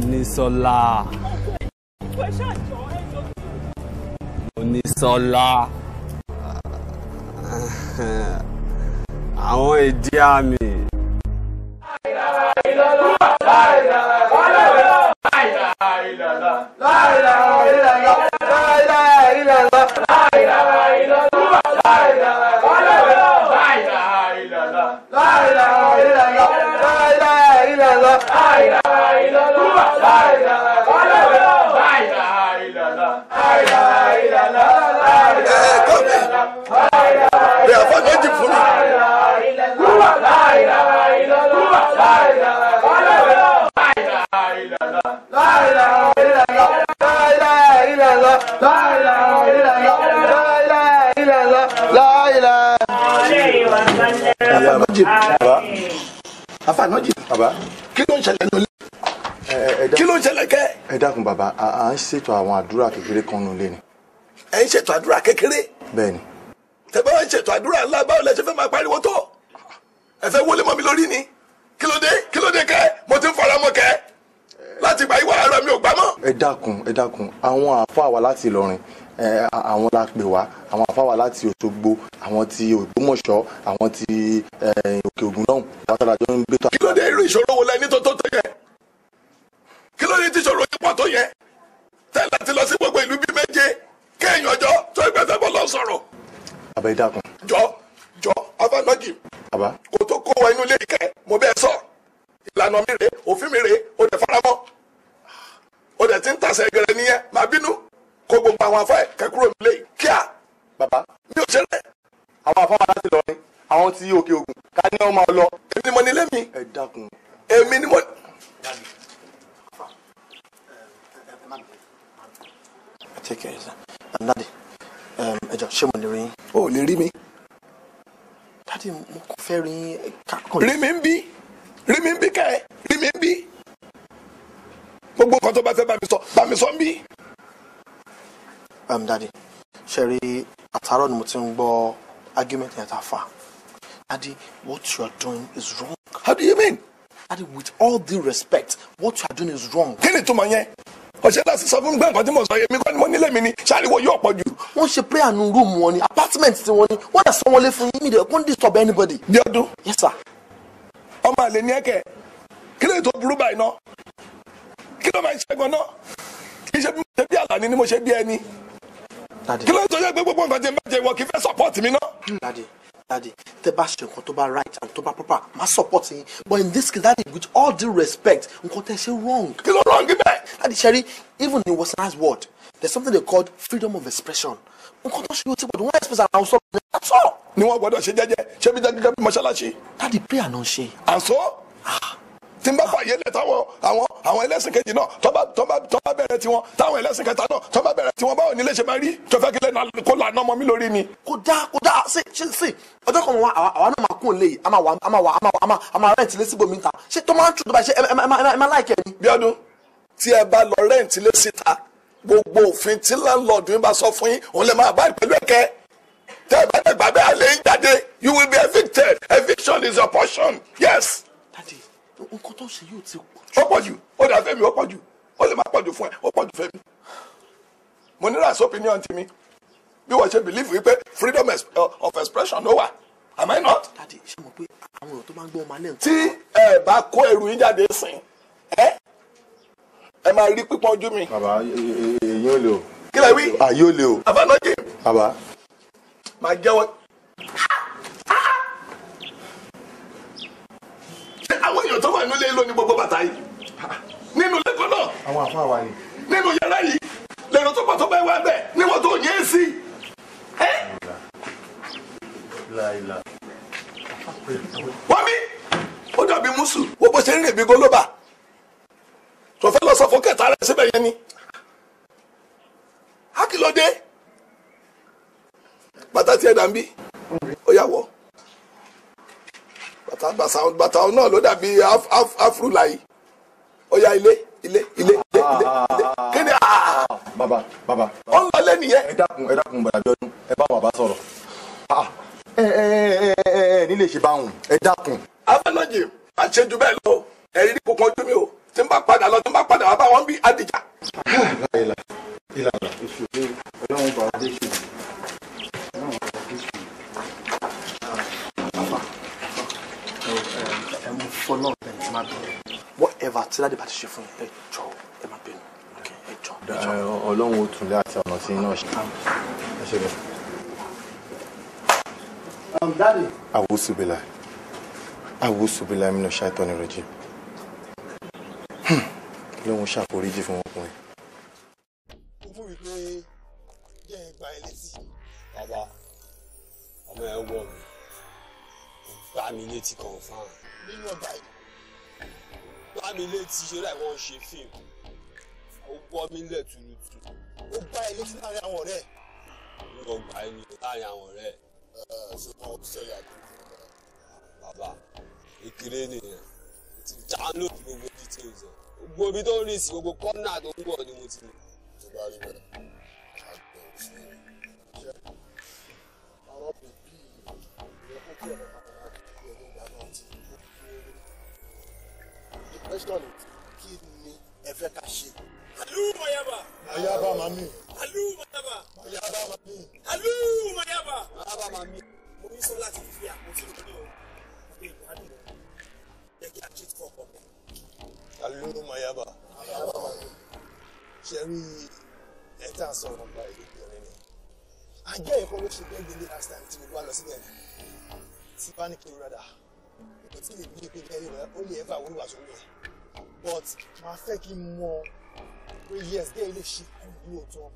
Unisola. Bámisọ́lá àwọn ìdí àmì. bàbá. kí ló ń ṣẹlẹ̀ nínú ilé. kí ló ń ṣẹlẹ̀ kẹ́. ẹ dákun bàbá à ń ṣètò àwọn àdúrà kékeré kan nínú ilé ni. ẹ ń ṣètò àdúrà kékeré. bẹ́ẹ̀ni. tẹ̀bá ń ṣètò àdúrà ńlá báwo lẹ ṣe fẹ́ máa pariwo tó. ẹ fẹ́ wọlé mọ́ mi lórí ni. kí ló dé kí ló dé kẹ́ mo ti ń fọra mọ́ kẹ́. láti gbà yíwọ àárọ̀ mi ò gbámọ́. ẹ dákun ẹ dákun àwọn àfọ àwa láti Ìlọrin àwọn la pè wá àwọn àfáwà láti Òṣogbo àwọn ti Ògbómọ̀ṣọ́ àwọn ti Òkè Ògùn náà látara jọ ń gbé tó. kí ló dé irú ìṣòro wo lẹni tó tó tó yẹ kí ló dé tí ìṣòro yẹn pọ̀ tó yẹ tẹ́lẹ̀ ti lọ sí gbogbo ìlú bíi méje kéèyàn jọ tó ẹgbẹ́ fẹ́ bọ́ lọ sọ̀rọ̀. àbá yìí dàkún. jọ jọ afanagi. àbá. kò tó kó wa inú ilé ìkẹ́ mo bẹ́ẹ̀ sọ ìlànà mi rèé òfin mi rèé o dẹ̀ faramọ́ o dẹ̀ ti ń tàṣẹ gẹrẹ nìyẹn màá bínú kó gbogbo àwọn afá ẹ̀ kẹ́kúrò nílé kíá bàbá mi ò ṣeré. àwọn afá wa láti lọrin àwọn tí òkè ògùn ká ní ọmọ ọ èmi ni mo nílé mi. ẹ dákun. èmi ni mo. take care sir and dadi um, ẹ jọ ṣé mo lè rí yín. o ò lè rí mi. dadi mo kò fẹ́ rí yín kákan. rí mi ń bí rí mi ń bí kẹ́ rí mi ń bí gbogbo nǹkan tó bá fẹ́ bá mi sọ bá mi sọ ń bí um, dadi ṣẹ̀rí àtàárọ̀ ni mo ti ń argument yẹn ta fa dadi what you are doing is wrong. how do you mean. Daddy, with all due respect what you are doing is wrong. kí ni ìtumọ̀ yẹn ọ̀sẹ̀ láti sọ fún mi gbẹ̀ǹkan tí mo sọ yẹn mi kọ́ ni mo nílé mi ni ṣáàlìwọ̀ yóò pọ̀ jù. wọ́n ṣe prayer nu room wọn ni apartment ti wọn ni wọ́n dẹ̀ sanwó lé fún yín mi dẹ̀ kó disturb anybody. bí ọdún. yes sir. ọmọ àlè ní ẹkẹ kí ló tó burú báyìí náà kí ló máa ń ṣẹ́gun náà kì í ṣe bí àlàní ni mo ṣe bí ẹni kí ló ń sọ yẹ pé gbogbo nǹkan tí n ìwọ kì í fẹ́ support mi náà. Hmm, dadi tẹ bá ṣe nǹkan tó bá right and tó bá proper má support yín but in this case Daddy, with all due respect nǹkan tẹ ṣe wrong. kí ló wrong bẹ́ẹ̀. Daddy, sẹ́rí even in westernized world there is something they call freedom of expression nǹkan tó ṣe yóò ti gbọdọ̀ wọ́n express ara wọn sọ̀rọ̀ ní àtọ̀. ni wọn gbọdọ̀ ṣe jẹ́jẹ́ ṣé bí jẹ́jẹ́ bí mọ́ṣáláṣí. dadi prayer náà ṣe. and so. Ah tí n bá fà yẹlẹ táwọn àwọn àwọn ẹlẹ́sìn kejì náà tọ́ba tọ́ba tọ́ba bẹ̀rẹ̀ tiwọn táwọn ẹlẹ́sìn kẹta náà tọ́ba bẹ̀rẹ̀ tiwọn báwo ni ilé ṣe máa rí tọ́fẹ́ kílẹ̀ náà kó lànà ọmọ mi lórí ni. kò dáa kò dáa ṣe ṣe ṣe ọjọ́ kan wa àwa náà máa kún lè yìí a máa wà a máa wà a máa wà a máa a máa rẹ̀ǹtì lé síbòmí ta ṣé tó máa ń tún tó bá ṣe ẹ máa láìkẹ́ ni. bí ọdún tí ẹ bá lọ rẹ̀ǹtì lé síta gbogbo òfin tí láńlọ́ọ̀dù yín bá sọ fún yín òun lè máa bá ìpẹ́lú ẹ̀kẹ́ tẹ́ ẹ bá dẹ̀ gbàgbé àlè yín jáde you will be evicted eviction is your portion yes nǹkan tó ṣe yóò ti pọ̀ jù. ó pọ̀ jù ó dà fẹ́mi ó pọ̀ jù ó lè má pọ̀ jù fún ẹ ó pọ̀ jù fẹ́mi. mo ní rice opinion ti mi bí wọ́n ṣe believe wípé freedom uh, of expression ló wà am I not. dadi ṣe mọ̀ pé àwọn èèyàn tó máa ń gbọ́ ọmọ alẹ́ nǹkan. tí ẹ bá kó ẹrù yín jáde sìn ẹ ẹ máa rí pípọ́n ojú mi. bàbá èyí ò lè o. kí wí. àyè ò lè o. àbánájì. bàbá. máa jẹ́wọ́. wà nílé lónìí gbogbo bàtà yìí nínú lẹ́kọ̀ọ́ náà àwọn àfa wa ni nínú yàrá yìí lẹ́nu tó pàtó bẹ́ẹ̀ wá bẹ́ẹ̀ níwọ̀n tó yẹ sí ẹ́. wọ́n mi ó dàbí mùsù wo bó ṣe ń rèébi gólóbà tó fẹ́ lọ sọ fún kẹta rẹ̀ síbẹ̀ yẹn ni á kìlọ̀ dé bàtà tiẹ̀ dà ń bí ó yà wọ̀ bàtà bàtà bàtà náà ló dàbí afro láyé ọ̀ya ilé ilé ilé ilé ilé ilé kí ni aa. Ah! bàbá bàbá. ó ń lọlé nìyẹn. ẹ dákun ẹ dákun bàdà bí ọdún ẹ bá wọn bá sọ̀rọ̀ ah! ẹ ẹ ẹ nílé ṣe báwọn ẹ dákun. afẹnọjì àṣejù bẹ́ẹ̀ lọ ẹrí ní kókó ojú mi o tí n bá padà lọ tí n bá padà wá bá wọn bí adìjà. ìlànà ìlànà ìṣòro ọlọ́run bàbá dé ṣòro. fún náà bẹ́ẹ̀ ni má bínú whatever tí ládé bá ti ṣe fún yín ẹ jọ ẹ má bínú ẹ jọ ẹ jọ. ọlọ́run ó tún lé àti ọ̀nà sí iná ṣe um, ẹ ṣe bẹ́ẹ̀. Um, àwòsù bílà àwòsù bílà mi náà ṣàìtọ́ ni rẹ̀jì lóun ṣàforíjì fún ọkùnrin. ó fún mi pé jẹ́ ẹ gba ẹ létí. bàbá ọmọ ẹ wọ mi gbá mi létí kan fáwọn nínú ọgbà yìí lámilé ti ṣe láì wọ́n ṣe fíìmù ó bọ́ mi lẹ̀ tuurutu ó gbá ilé tí láàrin àwọn ọ̀rẹ́ nínú ọgbà yìí ni láàrin àwọn ọ̀rẹ́ ṣé wọn ò sọ ìyá tó kù bàbá ìkéré nìyẹn ti download gbogbo details ẹ gbogbo ibi tó ń rìn sí gbogbo kọ́nà tó ń bọ̀ ni mo ti tó bá rí bẹ́ẹ̀ àgbẹ̀ òṣèré ṣe àwọn bèbí ìrẹ́pọ̀ kí ẹ̀rọ máa. question it kí ni ẹ fẹ́ ká ṣe. alu mayaba. mayaba mami. alu mayaba. mayaba mami. alu mayaba. mayaba mami. mo ní sọ láti fi àpótí ìlú o pé ìgbádùn jẹ́ kí a ṣe fún ọkọ mi. alu mayaba. mayaba mami. ṣe rí ẹ tá a sọ̀rọ̀ nípa ìlú ìbẹ̀rẹ̀ ni. àjẹ́ ìkọ́ ló ṣe bẹ́ẹ̀ last time tí mo bá lọ síbẹ̀ tí bá ní kí n rádà kò tí ì bí kẹrin rẹ ó lè ẹfà wíwà sórí ẹ but màá fẹ́ kí n mọ pé yes gẹ́gẹ́ lè ṣe kú lóòótọ́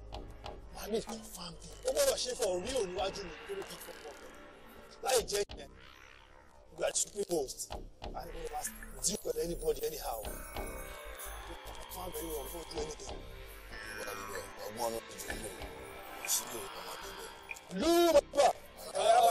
màá need confam bí ó gbọ́dọ̀ ṣe fọ orí òun wájú mi kúrò kí kọ̀ọ̀kan láì jẹ́ ìyẹn you are stupid host and you must deal with anybody anyhow you confam anyone no do anything. ìwà rẹ̀ ọgbọ́n ló ti jẹ́ ìlú ìṣílẹ̀ ọmọdé bẹ́ẹ̀. lùmọ̀ bá.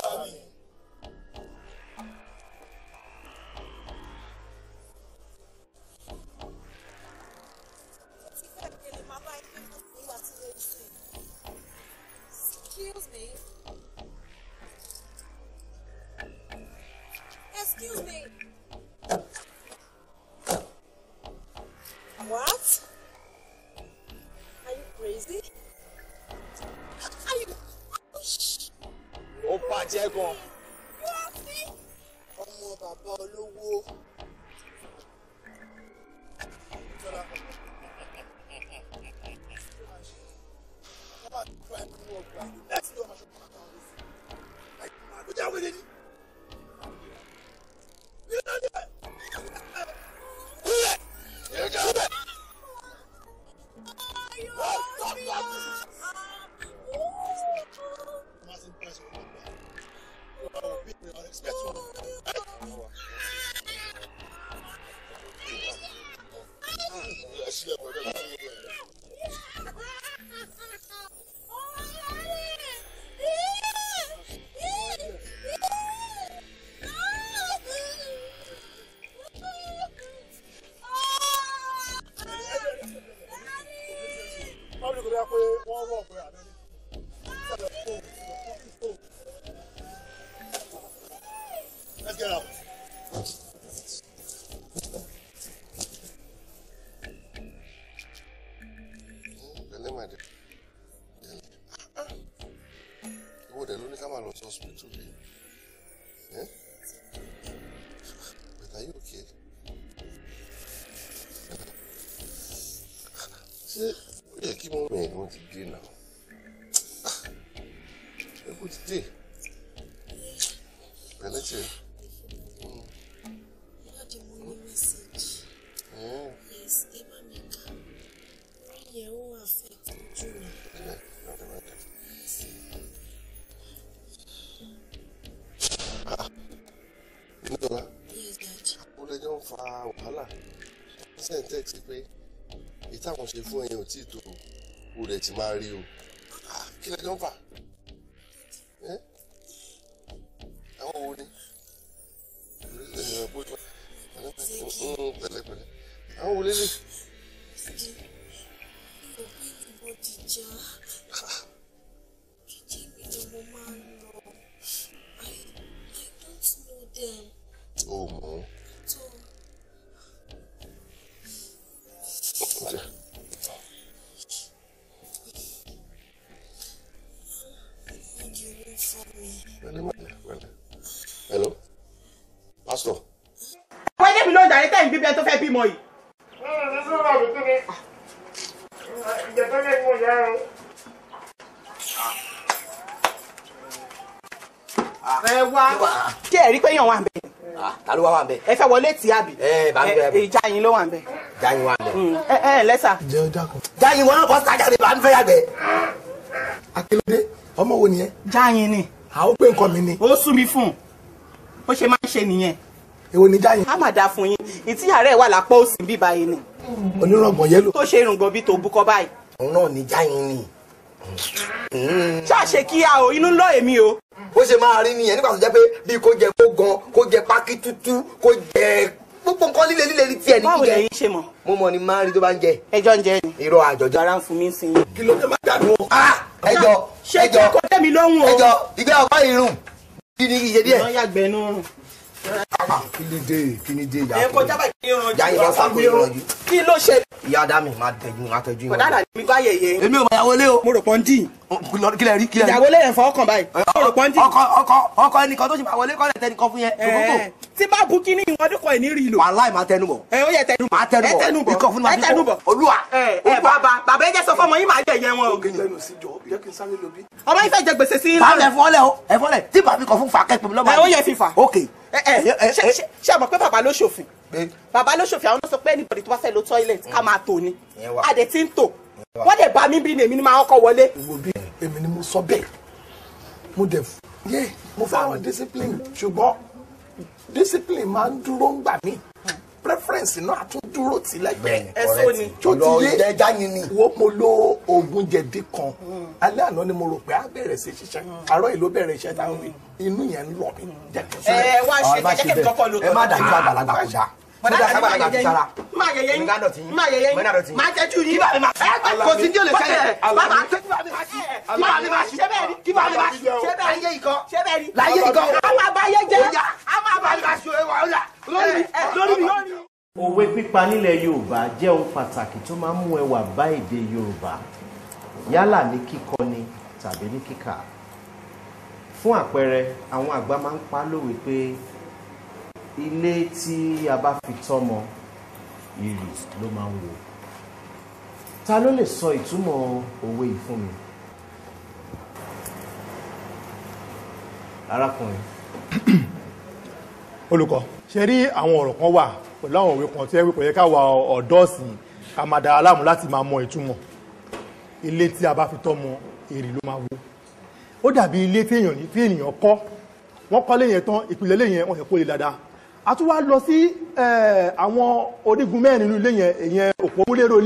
Charles Hospital there. Eh? But are you okay? ṣé ó yẹ kí mọ́mí ẹ̀ wọ́n ti dé náà ah! ẹ kó ti ṣe fún èèyàn ò tí ì tó o rẹ̀ ti máa rí o ah, kí lẹ́jọ́ ń fà bẹ ẹ fẹ́ wọlé tí àbí ìjà yín ló wà ń bẹ. jayin wà ń bẹ. Mm. ẹ ẹ lẹ́sà. jẹ́ ọjà kan. jayin wọn kọ́ sájà rẹ̀ bá ń fẹ́ yàgbẹ́. akérèdé ọmọ wo nìyẹn. jayin ni. àwọn pé nǹkan mi ni. ó sún mi fún un bó ṣe máa ń ṣe nìyẹn. èwo ni jayin. a máa dà fún yín ìtìyà rẹ̀ wà lápá òsì bí báyìí ni. onírọ̀gbọ̀n yẹ́lò. tó ṣe irùngbọ̀n bíi tòbúkọ báyìí. òun náà ni jayin ni. ṣáà ṣe kíá o inú ń lọ èmi o ó ṣe máa rí nìyẹn nígbà tó jẹ́ pé bí kò jẹ kó gan kó jẹ pákí tútú kó jẹ gbogbo nǹkan líle líle ní tiẹ̀ ní kíkẹ́. báwo lẹ̀yin ṣe mọ̀. mo mọ̀ ni máa ń rí tó bá ń jẹ. ẹjọ́ ń jẹ ni. irọ́ àjọjọ. ara ń fún mi ń sin. kí ló dé máa dàdú. Ah! ẹjọ́ ẹjọ́ ẹjọ́ ìgbẹ́ ọ̀pá irun kí ni iye díẹ̀. ìyá yàgbẹ́ náà rùn ah, kí ni dé kí ni dé yàtọ̀. ẹ kọjá bá kí irun jù ìwà sábẹ́ irun jù. kí ló ṣe. ìyá dami máa tẹjú máa tẹjú. kọ̀dá kílẹ̀ rí kílẹ̀ rí. ìyàwó lẹ́yìn fọ ọkàn báyìí. ọkọ ọkọ ọkọ ẹnìkan tó ṣe máa wọlé kọ́lẹ̀ tẹnìkan fún yẹn. tí bá bu kí ní ìwọ́n dúkọ̀ ìní rí lò. wàhálà máa tẹnu ẹ ó yẹ tẹnu bọ̀ ẹ tẹnu bọ̀ fún mi máa dúkọ̀ olúwa. ẹ bàbá bàbá ẹ jẹ́ sọ fọmọ yín máa yẹ̀yẹ́ wọn. ọmọ yìí jẹ gbèsè sí i. báwo ẹ fọ́lẹ̀ o ẹ fọ́lẹ̀ tí bàbá mi kọ̀ fún fàákẹ́ pẹ̀lú ọmọ yìí. ẹ ó yẹ fífa. ok ṣé àmọ́ pé bàbá ló ṣòfin bàbá ló ṣòfin àwọn náà sọ pé wọ́n dẹ̀ bá mi bí ni èmi ni máa kọ́ wọlé. wo bí èmi ni mo sọ bẹ́ẹ̀ mo dẹ̀ yé mo fáwọn discipline ṣùgbọ́n discipline máa ń dúró ń gbà mí preference náà tún dúró tì lẹ́gbẹ̀ẹ́ ẹ̀sọ́ ni tó ti yé wo mo lo oògùn jẹ̀dí kan hmm. alẹ́ àná ni mo rò pé a bẹ̀rẹ̀ sí ṣiṣẹ́ hmm. àárọ̀ yìí ló bẹ̀rẹ̀ iṣẹ́ táwọn inú yẹn ń lọ mi ẹ wá ṣe jẹ́ kọ́kọ́ lo tọ́lá ẹ má dájú àgbàlagbà kọjá mọ̀dá àti àgbàlagbà fi sara má yẹyẹ yín má yẹyẹ yín má tẹ́jú yín kò sí díẹ̀ lè sẹ́yẹ bàbá tẹ́jú àmì má ṣe kí bá mi má ṣe kí bá mi má ṣe ṣe bẹ́ẹ̀ láyé ikọ́ láyé ikọ́ àwọn àbáyé jẹ́ àwọn àbáyé jẹ́ lórí lórí lórí. òwe pípa nílẹ̀ yorùbá jẹ́ ohun pàtàkì tó máa ń mú ẹwà bá èdè yorùbá yálà ní kíkọ ni tàbí ní kíkà fún àpẹẹrẹ àwọn àgbà máa ń pa lówe pé ilé tí a bá fi tọ́mọ ìrì ló máa ń wò ta ló lè sọ ìtumọ̀ òwe yìí fún mi arákùnrin. olùkọ́ ṣe rí àwọn ọ̀rọ̀ kan wà pẹ̀lú àwọn òwe kan tí ẹ kò yẹ ká wa ọ̀dọ́ sí ká máa dára láàmú láti máa mọ ìtumọ̀ ilé tí a bá fi tọ́mọ èrè ló máa wó ó dàbí ilé tí èèyàn kọ́ wọ́n kọ́ lé yẹn tán ìpìlẹ̀ lé yẹn lè dáadáa a tún wá lọ sí àwọn onígun mẹ́rin nínú ilé yẹn èyàn òpó múléró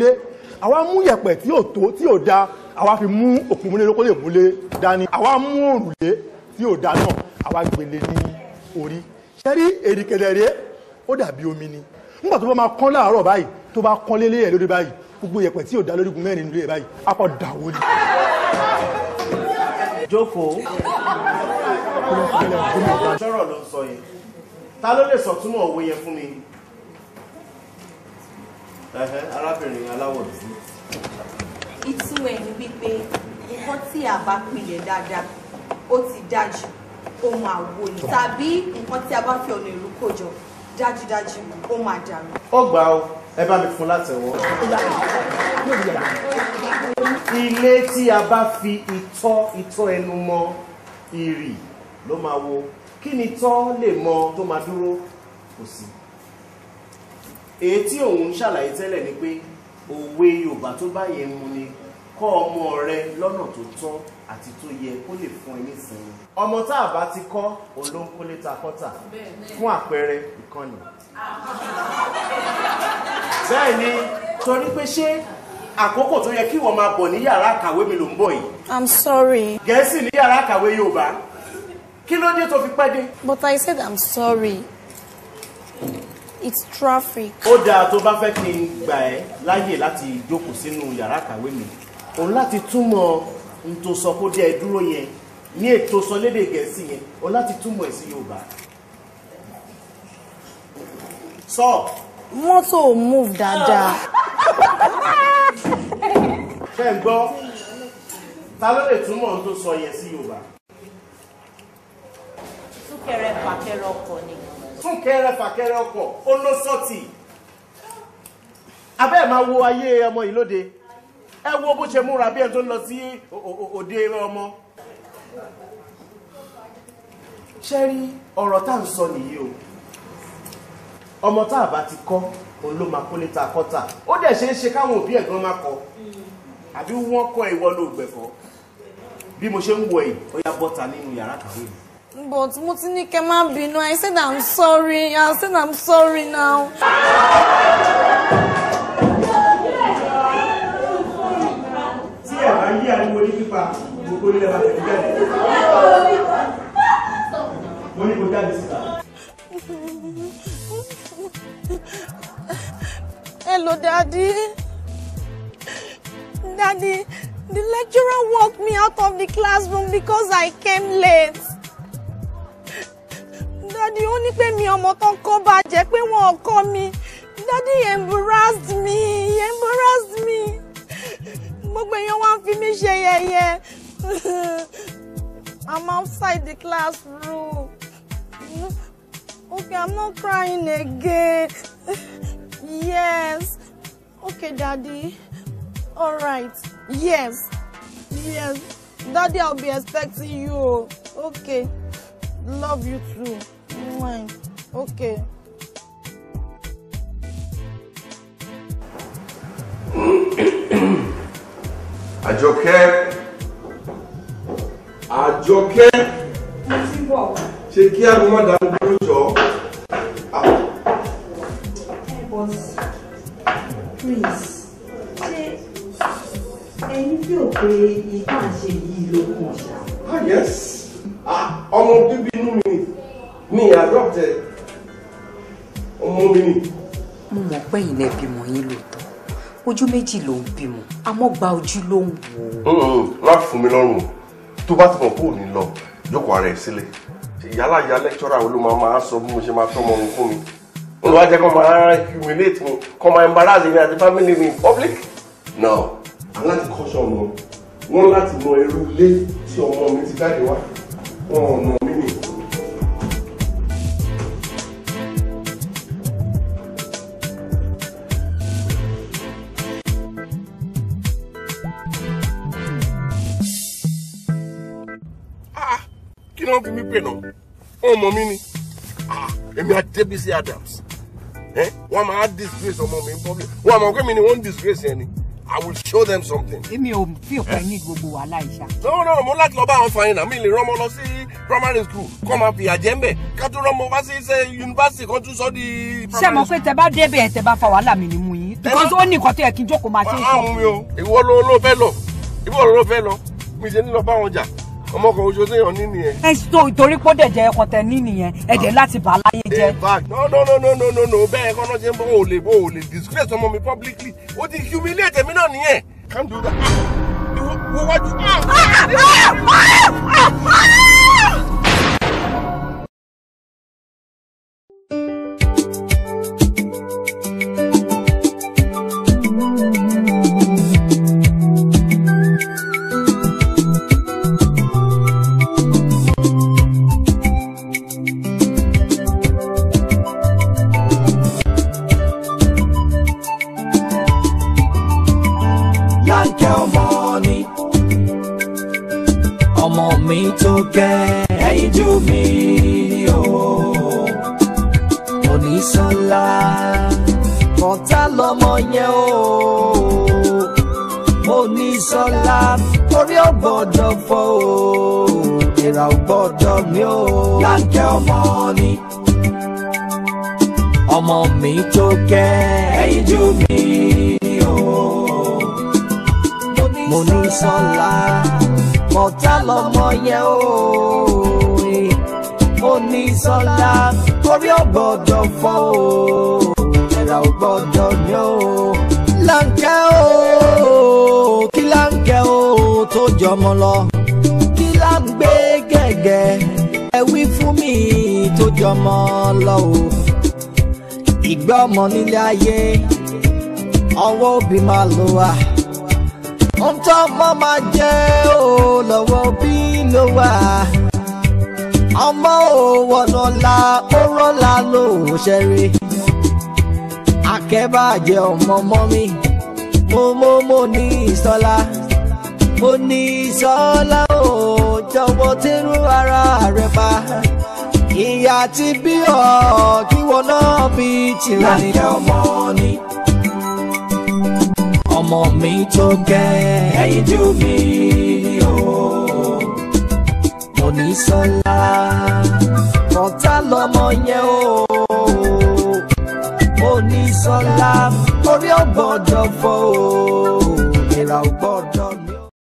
àwa mú yẹ̀pẹ̀ tí ò tó tí ò da àwa fi mú òpó múléró kó lè múlé dání àwa mú òrùlé tí ò da náà àwa gbélé e ní orí ṣẹ́rí èrìkẹ̀lẹ̀ rẹ̀ ó dàbí omi ni nígbà tó bá máa kán láàárọ̀ báyìí tó bá kán lé lẹ́yẹ̀ lórí báyìí gbogbo yẹ̀pẹ̀ tí ò da lórígun mẹ́rin nínú ilé báyìí apọ̀ dàwó ni. jókòó sọ̀rọ̀ ló ń sọ yẹn ta ló lè sọ̀túnmọ̀ òwe yẹn fún mi arábìnrin aláwọ̀ dúdú. ìtumọ̀ ẹ̀ ni wípé nǹkan tí a bá pilẹ̀ dáadáa ó ti dájú ohun àwo ni tàbí nǹkan tí a bá fi ọ̀nà ìlú kó jọ dájúdájú ó máa dàrú. ó gbà ó ẹ bá mi fún látẹ̀wọ́. ilé tí a bá fi itọ́ itọ́ ẹnu mọ ìrì ló máa wo kí ni tọ́ lè mọ tó máa dúró kò sí èyí tí òun ṣàlàyé tẹ́lẹ̀ ni pé òwe Yorùbá tó báyẹn mu ni kọ́ ọmọ rẹ lọ́nà tó tọ́ àti tó yẹ kó lè fún ẹ nísìnyí ọmọ tá a bá ti kọ́ òun ló ń kólé ta kọ́tà fún àpẹẹrẹ ìkànnì bẹ́ẹ̀ ni torí pé ṣé àkókò tó yẹ kí wọ́n máa bọ̀ ní yàrá àkàwé mi ló ń bọ̀ yìí. I'm sorry. Gẹ̀ẹ́sì ní yàrá àkàwé Yorùbá kí ló dé tó fi pẹ́ dé. but i said i'm sorry it's traffic. ó dáa tó bá fẹ́ kí n gbà ẹ́ láyè láti jókòó sínú yàrá kàwé mi òun láti túmọ̀ n tó sọ kó dé ẹ dúró yẹn ní ètò sọ lédè gẹ̀ẹ́sì yẹn òun láti túmọ̀ ẹ̀ sí yorùbá. sọ. mọ́tò ò move dáadáa. ṣé ń gbọ́ ta ló lè túmọ̀ n tó sọ yẹn sí yorùbá kẹrẹ fàkẹrẹ ọkọ̀ ni. fún kẹrẹ fàkẹrẹ ọkọ̀ ó ló sọ́ọ̀tì abẹ́ ẹ̀ máa wo ayé ọmọ yìí lóde ẹ wo bó ṣe múra bí ẹ tó ń lọ sí òde ọmọ ṣe rí ọ̀rọ̀ tá à ń sọ nìyí o ọmọ tá a bá ti kọ́ òun ló máa kó níta kọ́ta ó dẹ̀ ṣe é ṣe káwọn òbí ẹ̀gbọ́n máa kọ́ àbí wọ́n kọ́ ìwọ ló gbẹ̀kọ́ bí mo ṣe ń wọ ẹ̀ ó yá bọ́ta nínú yàrá kàwé mi. But mo ti ní kẹ́ má I said I'm sorry. I said I'm sorry now. Tí ẹ̀ bá yí àríwo ní pípa, gbogbo ilé wa tẹ̀lé jáde. Mo ní Hello, Daddy. Daddy, the lecturer walked me out of the classroom because I came late dádì ó ní pé mi ọmọ tán kọ́ bá jẹ́ pé wọn ò kọ́ mi dádì embarrassed me He embarrassed me gbogbo èèyàn wá ń fi mí ṣe yẹ̀yẹ́ I'm outside the classroom okay I'm not crying again yes okay daddy all right yes yes daddy I'll be expecting you okay love you too. Wine. Okay. Àjọkẹ́. Àjọkẹ́. Mo ti bọ̀. Ṣé kí aago má dá dúró jọ? Ah. please, ṣé ẹni tí ò pé ìtàn ṣe yìí ló kàn ṣá? Ah yes, ah, ọmọ bíbí inú mi mi adopt ẹ ọmọ mi ni. mo mọ̀ pé ìlẹ̀ bímọ yín lóòótọ́ ojú méjì ló ń bímọ àmọ́ gba ojú ló ń wò. má fún mi lọ́rùn tó bá ti mọ̀ kó ní lọ jókòó ara ẹ̀ sílẹ̀ yálà ya lẹ́kítọ́rà wo ló máa máa sọ bí mo ṣe máa tọ́mọ mi fún mi olùwà jẹ́ kó máa humiliate mi kó máa embarrass me mi àti family mi in public. no aláti kọ́ṣọ́ ọmọ wọn láti mọ irú ilé tí ọmọ mi ti jáde wá wọn ò mọ mí kí ló ń fi mí pè náà wọn mọ mí ni ah, èmi Adébísí Adams eh, wọn máa disgrace ọmọ mi public wọn àmọ pé mi ni wọn disgrace ẹni i will show them something. èmi ò fi òpin eh. ní gbogbo wàhálà ìṣá. no no mo láti lọ bá àwọn fàyín náà mi lè rán ọmọ lọ sí primary school kọ́ máa fìyà jẹ ń bẹ̀ ká tó rán ọmọ wá sí ṣe yunifásitì kan tún sọ di. ṣé mo pé tẹ bá débẹ̀ tẹ bá fa wàhálà mi ni mu yín because ó ní nǹkan tó yẹ kí n jókòó máa ṣe é ah, sọ. àwọn mi o ìwọ ló ló fẹ́ lọ ìwọ ló ló fẹ́ lọ mi ṣe ní lọ bá wọn jà ọmọ kan oṣù téèyàn ní nìyẹn. ẹ tó ìtorí pọ́ dẹ̀jẹ̀ ẹ̀kan tẹ ní nìyẹn ẹ̀jẹ̀ láti bà láyé jẹ́. no no no no no no no bẹ́ẹ̀ kọ́ náà ṣe ń bọ́ ò lè bọ́ ò lè disgrace ọmọ mi publicly ó ti humiliate mi náà nìyẹn. calm down. ìwọ wájú. lọ́mọ nílé ayé ọwọ́ òbí máa lò wá ohun tó ọmọ máa jẹ́ ò lọ́wọ́ òbí ló wà ọmọ ò wọ̀nà la ó rọ́lá ló ṣẹ́rí akẹ́bàjẹ́ ọmọ mọ́ mi mo mo mo ní ìsọlá mo ní ìsọlá ò jọ̀wọ́ tẹ́rù ara rẹ̀ pa ìyá ti bí ọ kí wọn náà bí tìrẹ ni. láyé ọmọ ni ọmọ mi tó gẹ ẹyin jú mi o mo ní sọlá mọ̀tá lọmọ yẹn o mo ní sọlá orí ọgbọ́dọ̀ fọ.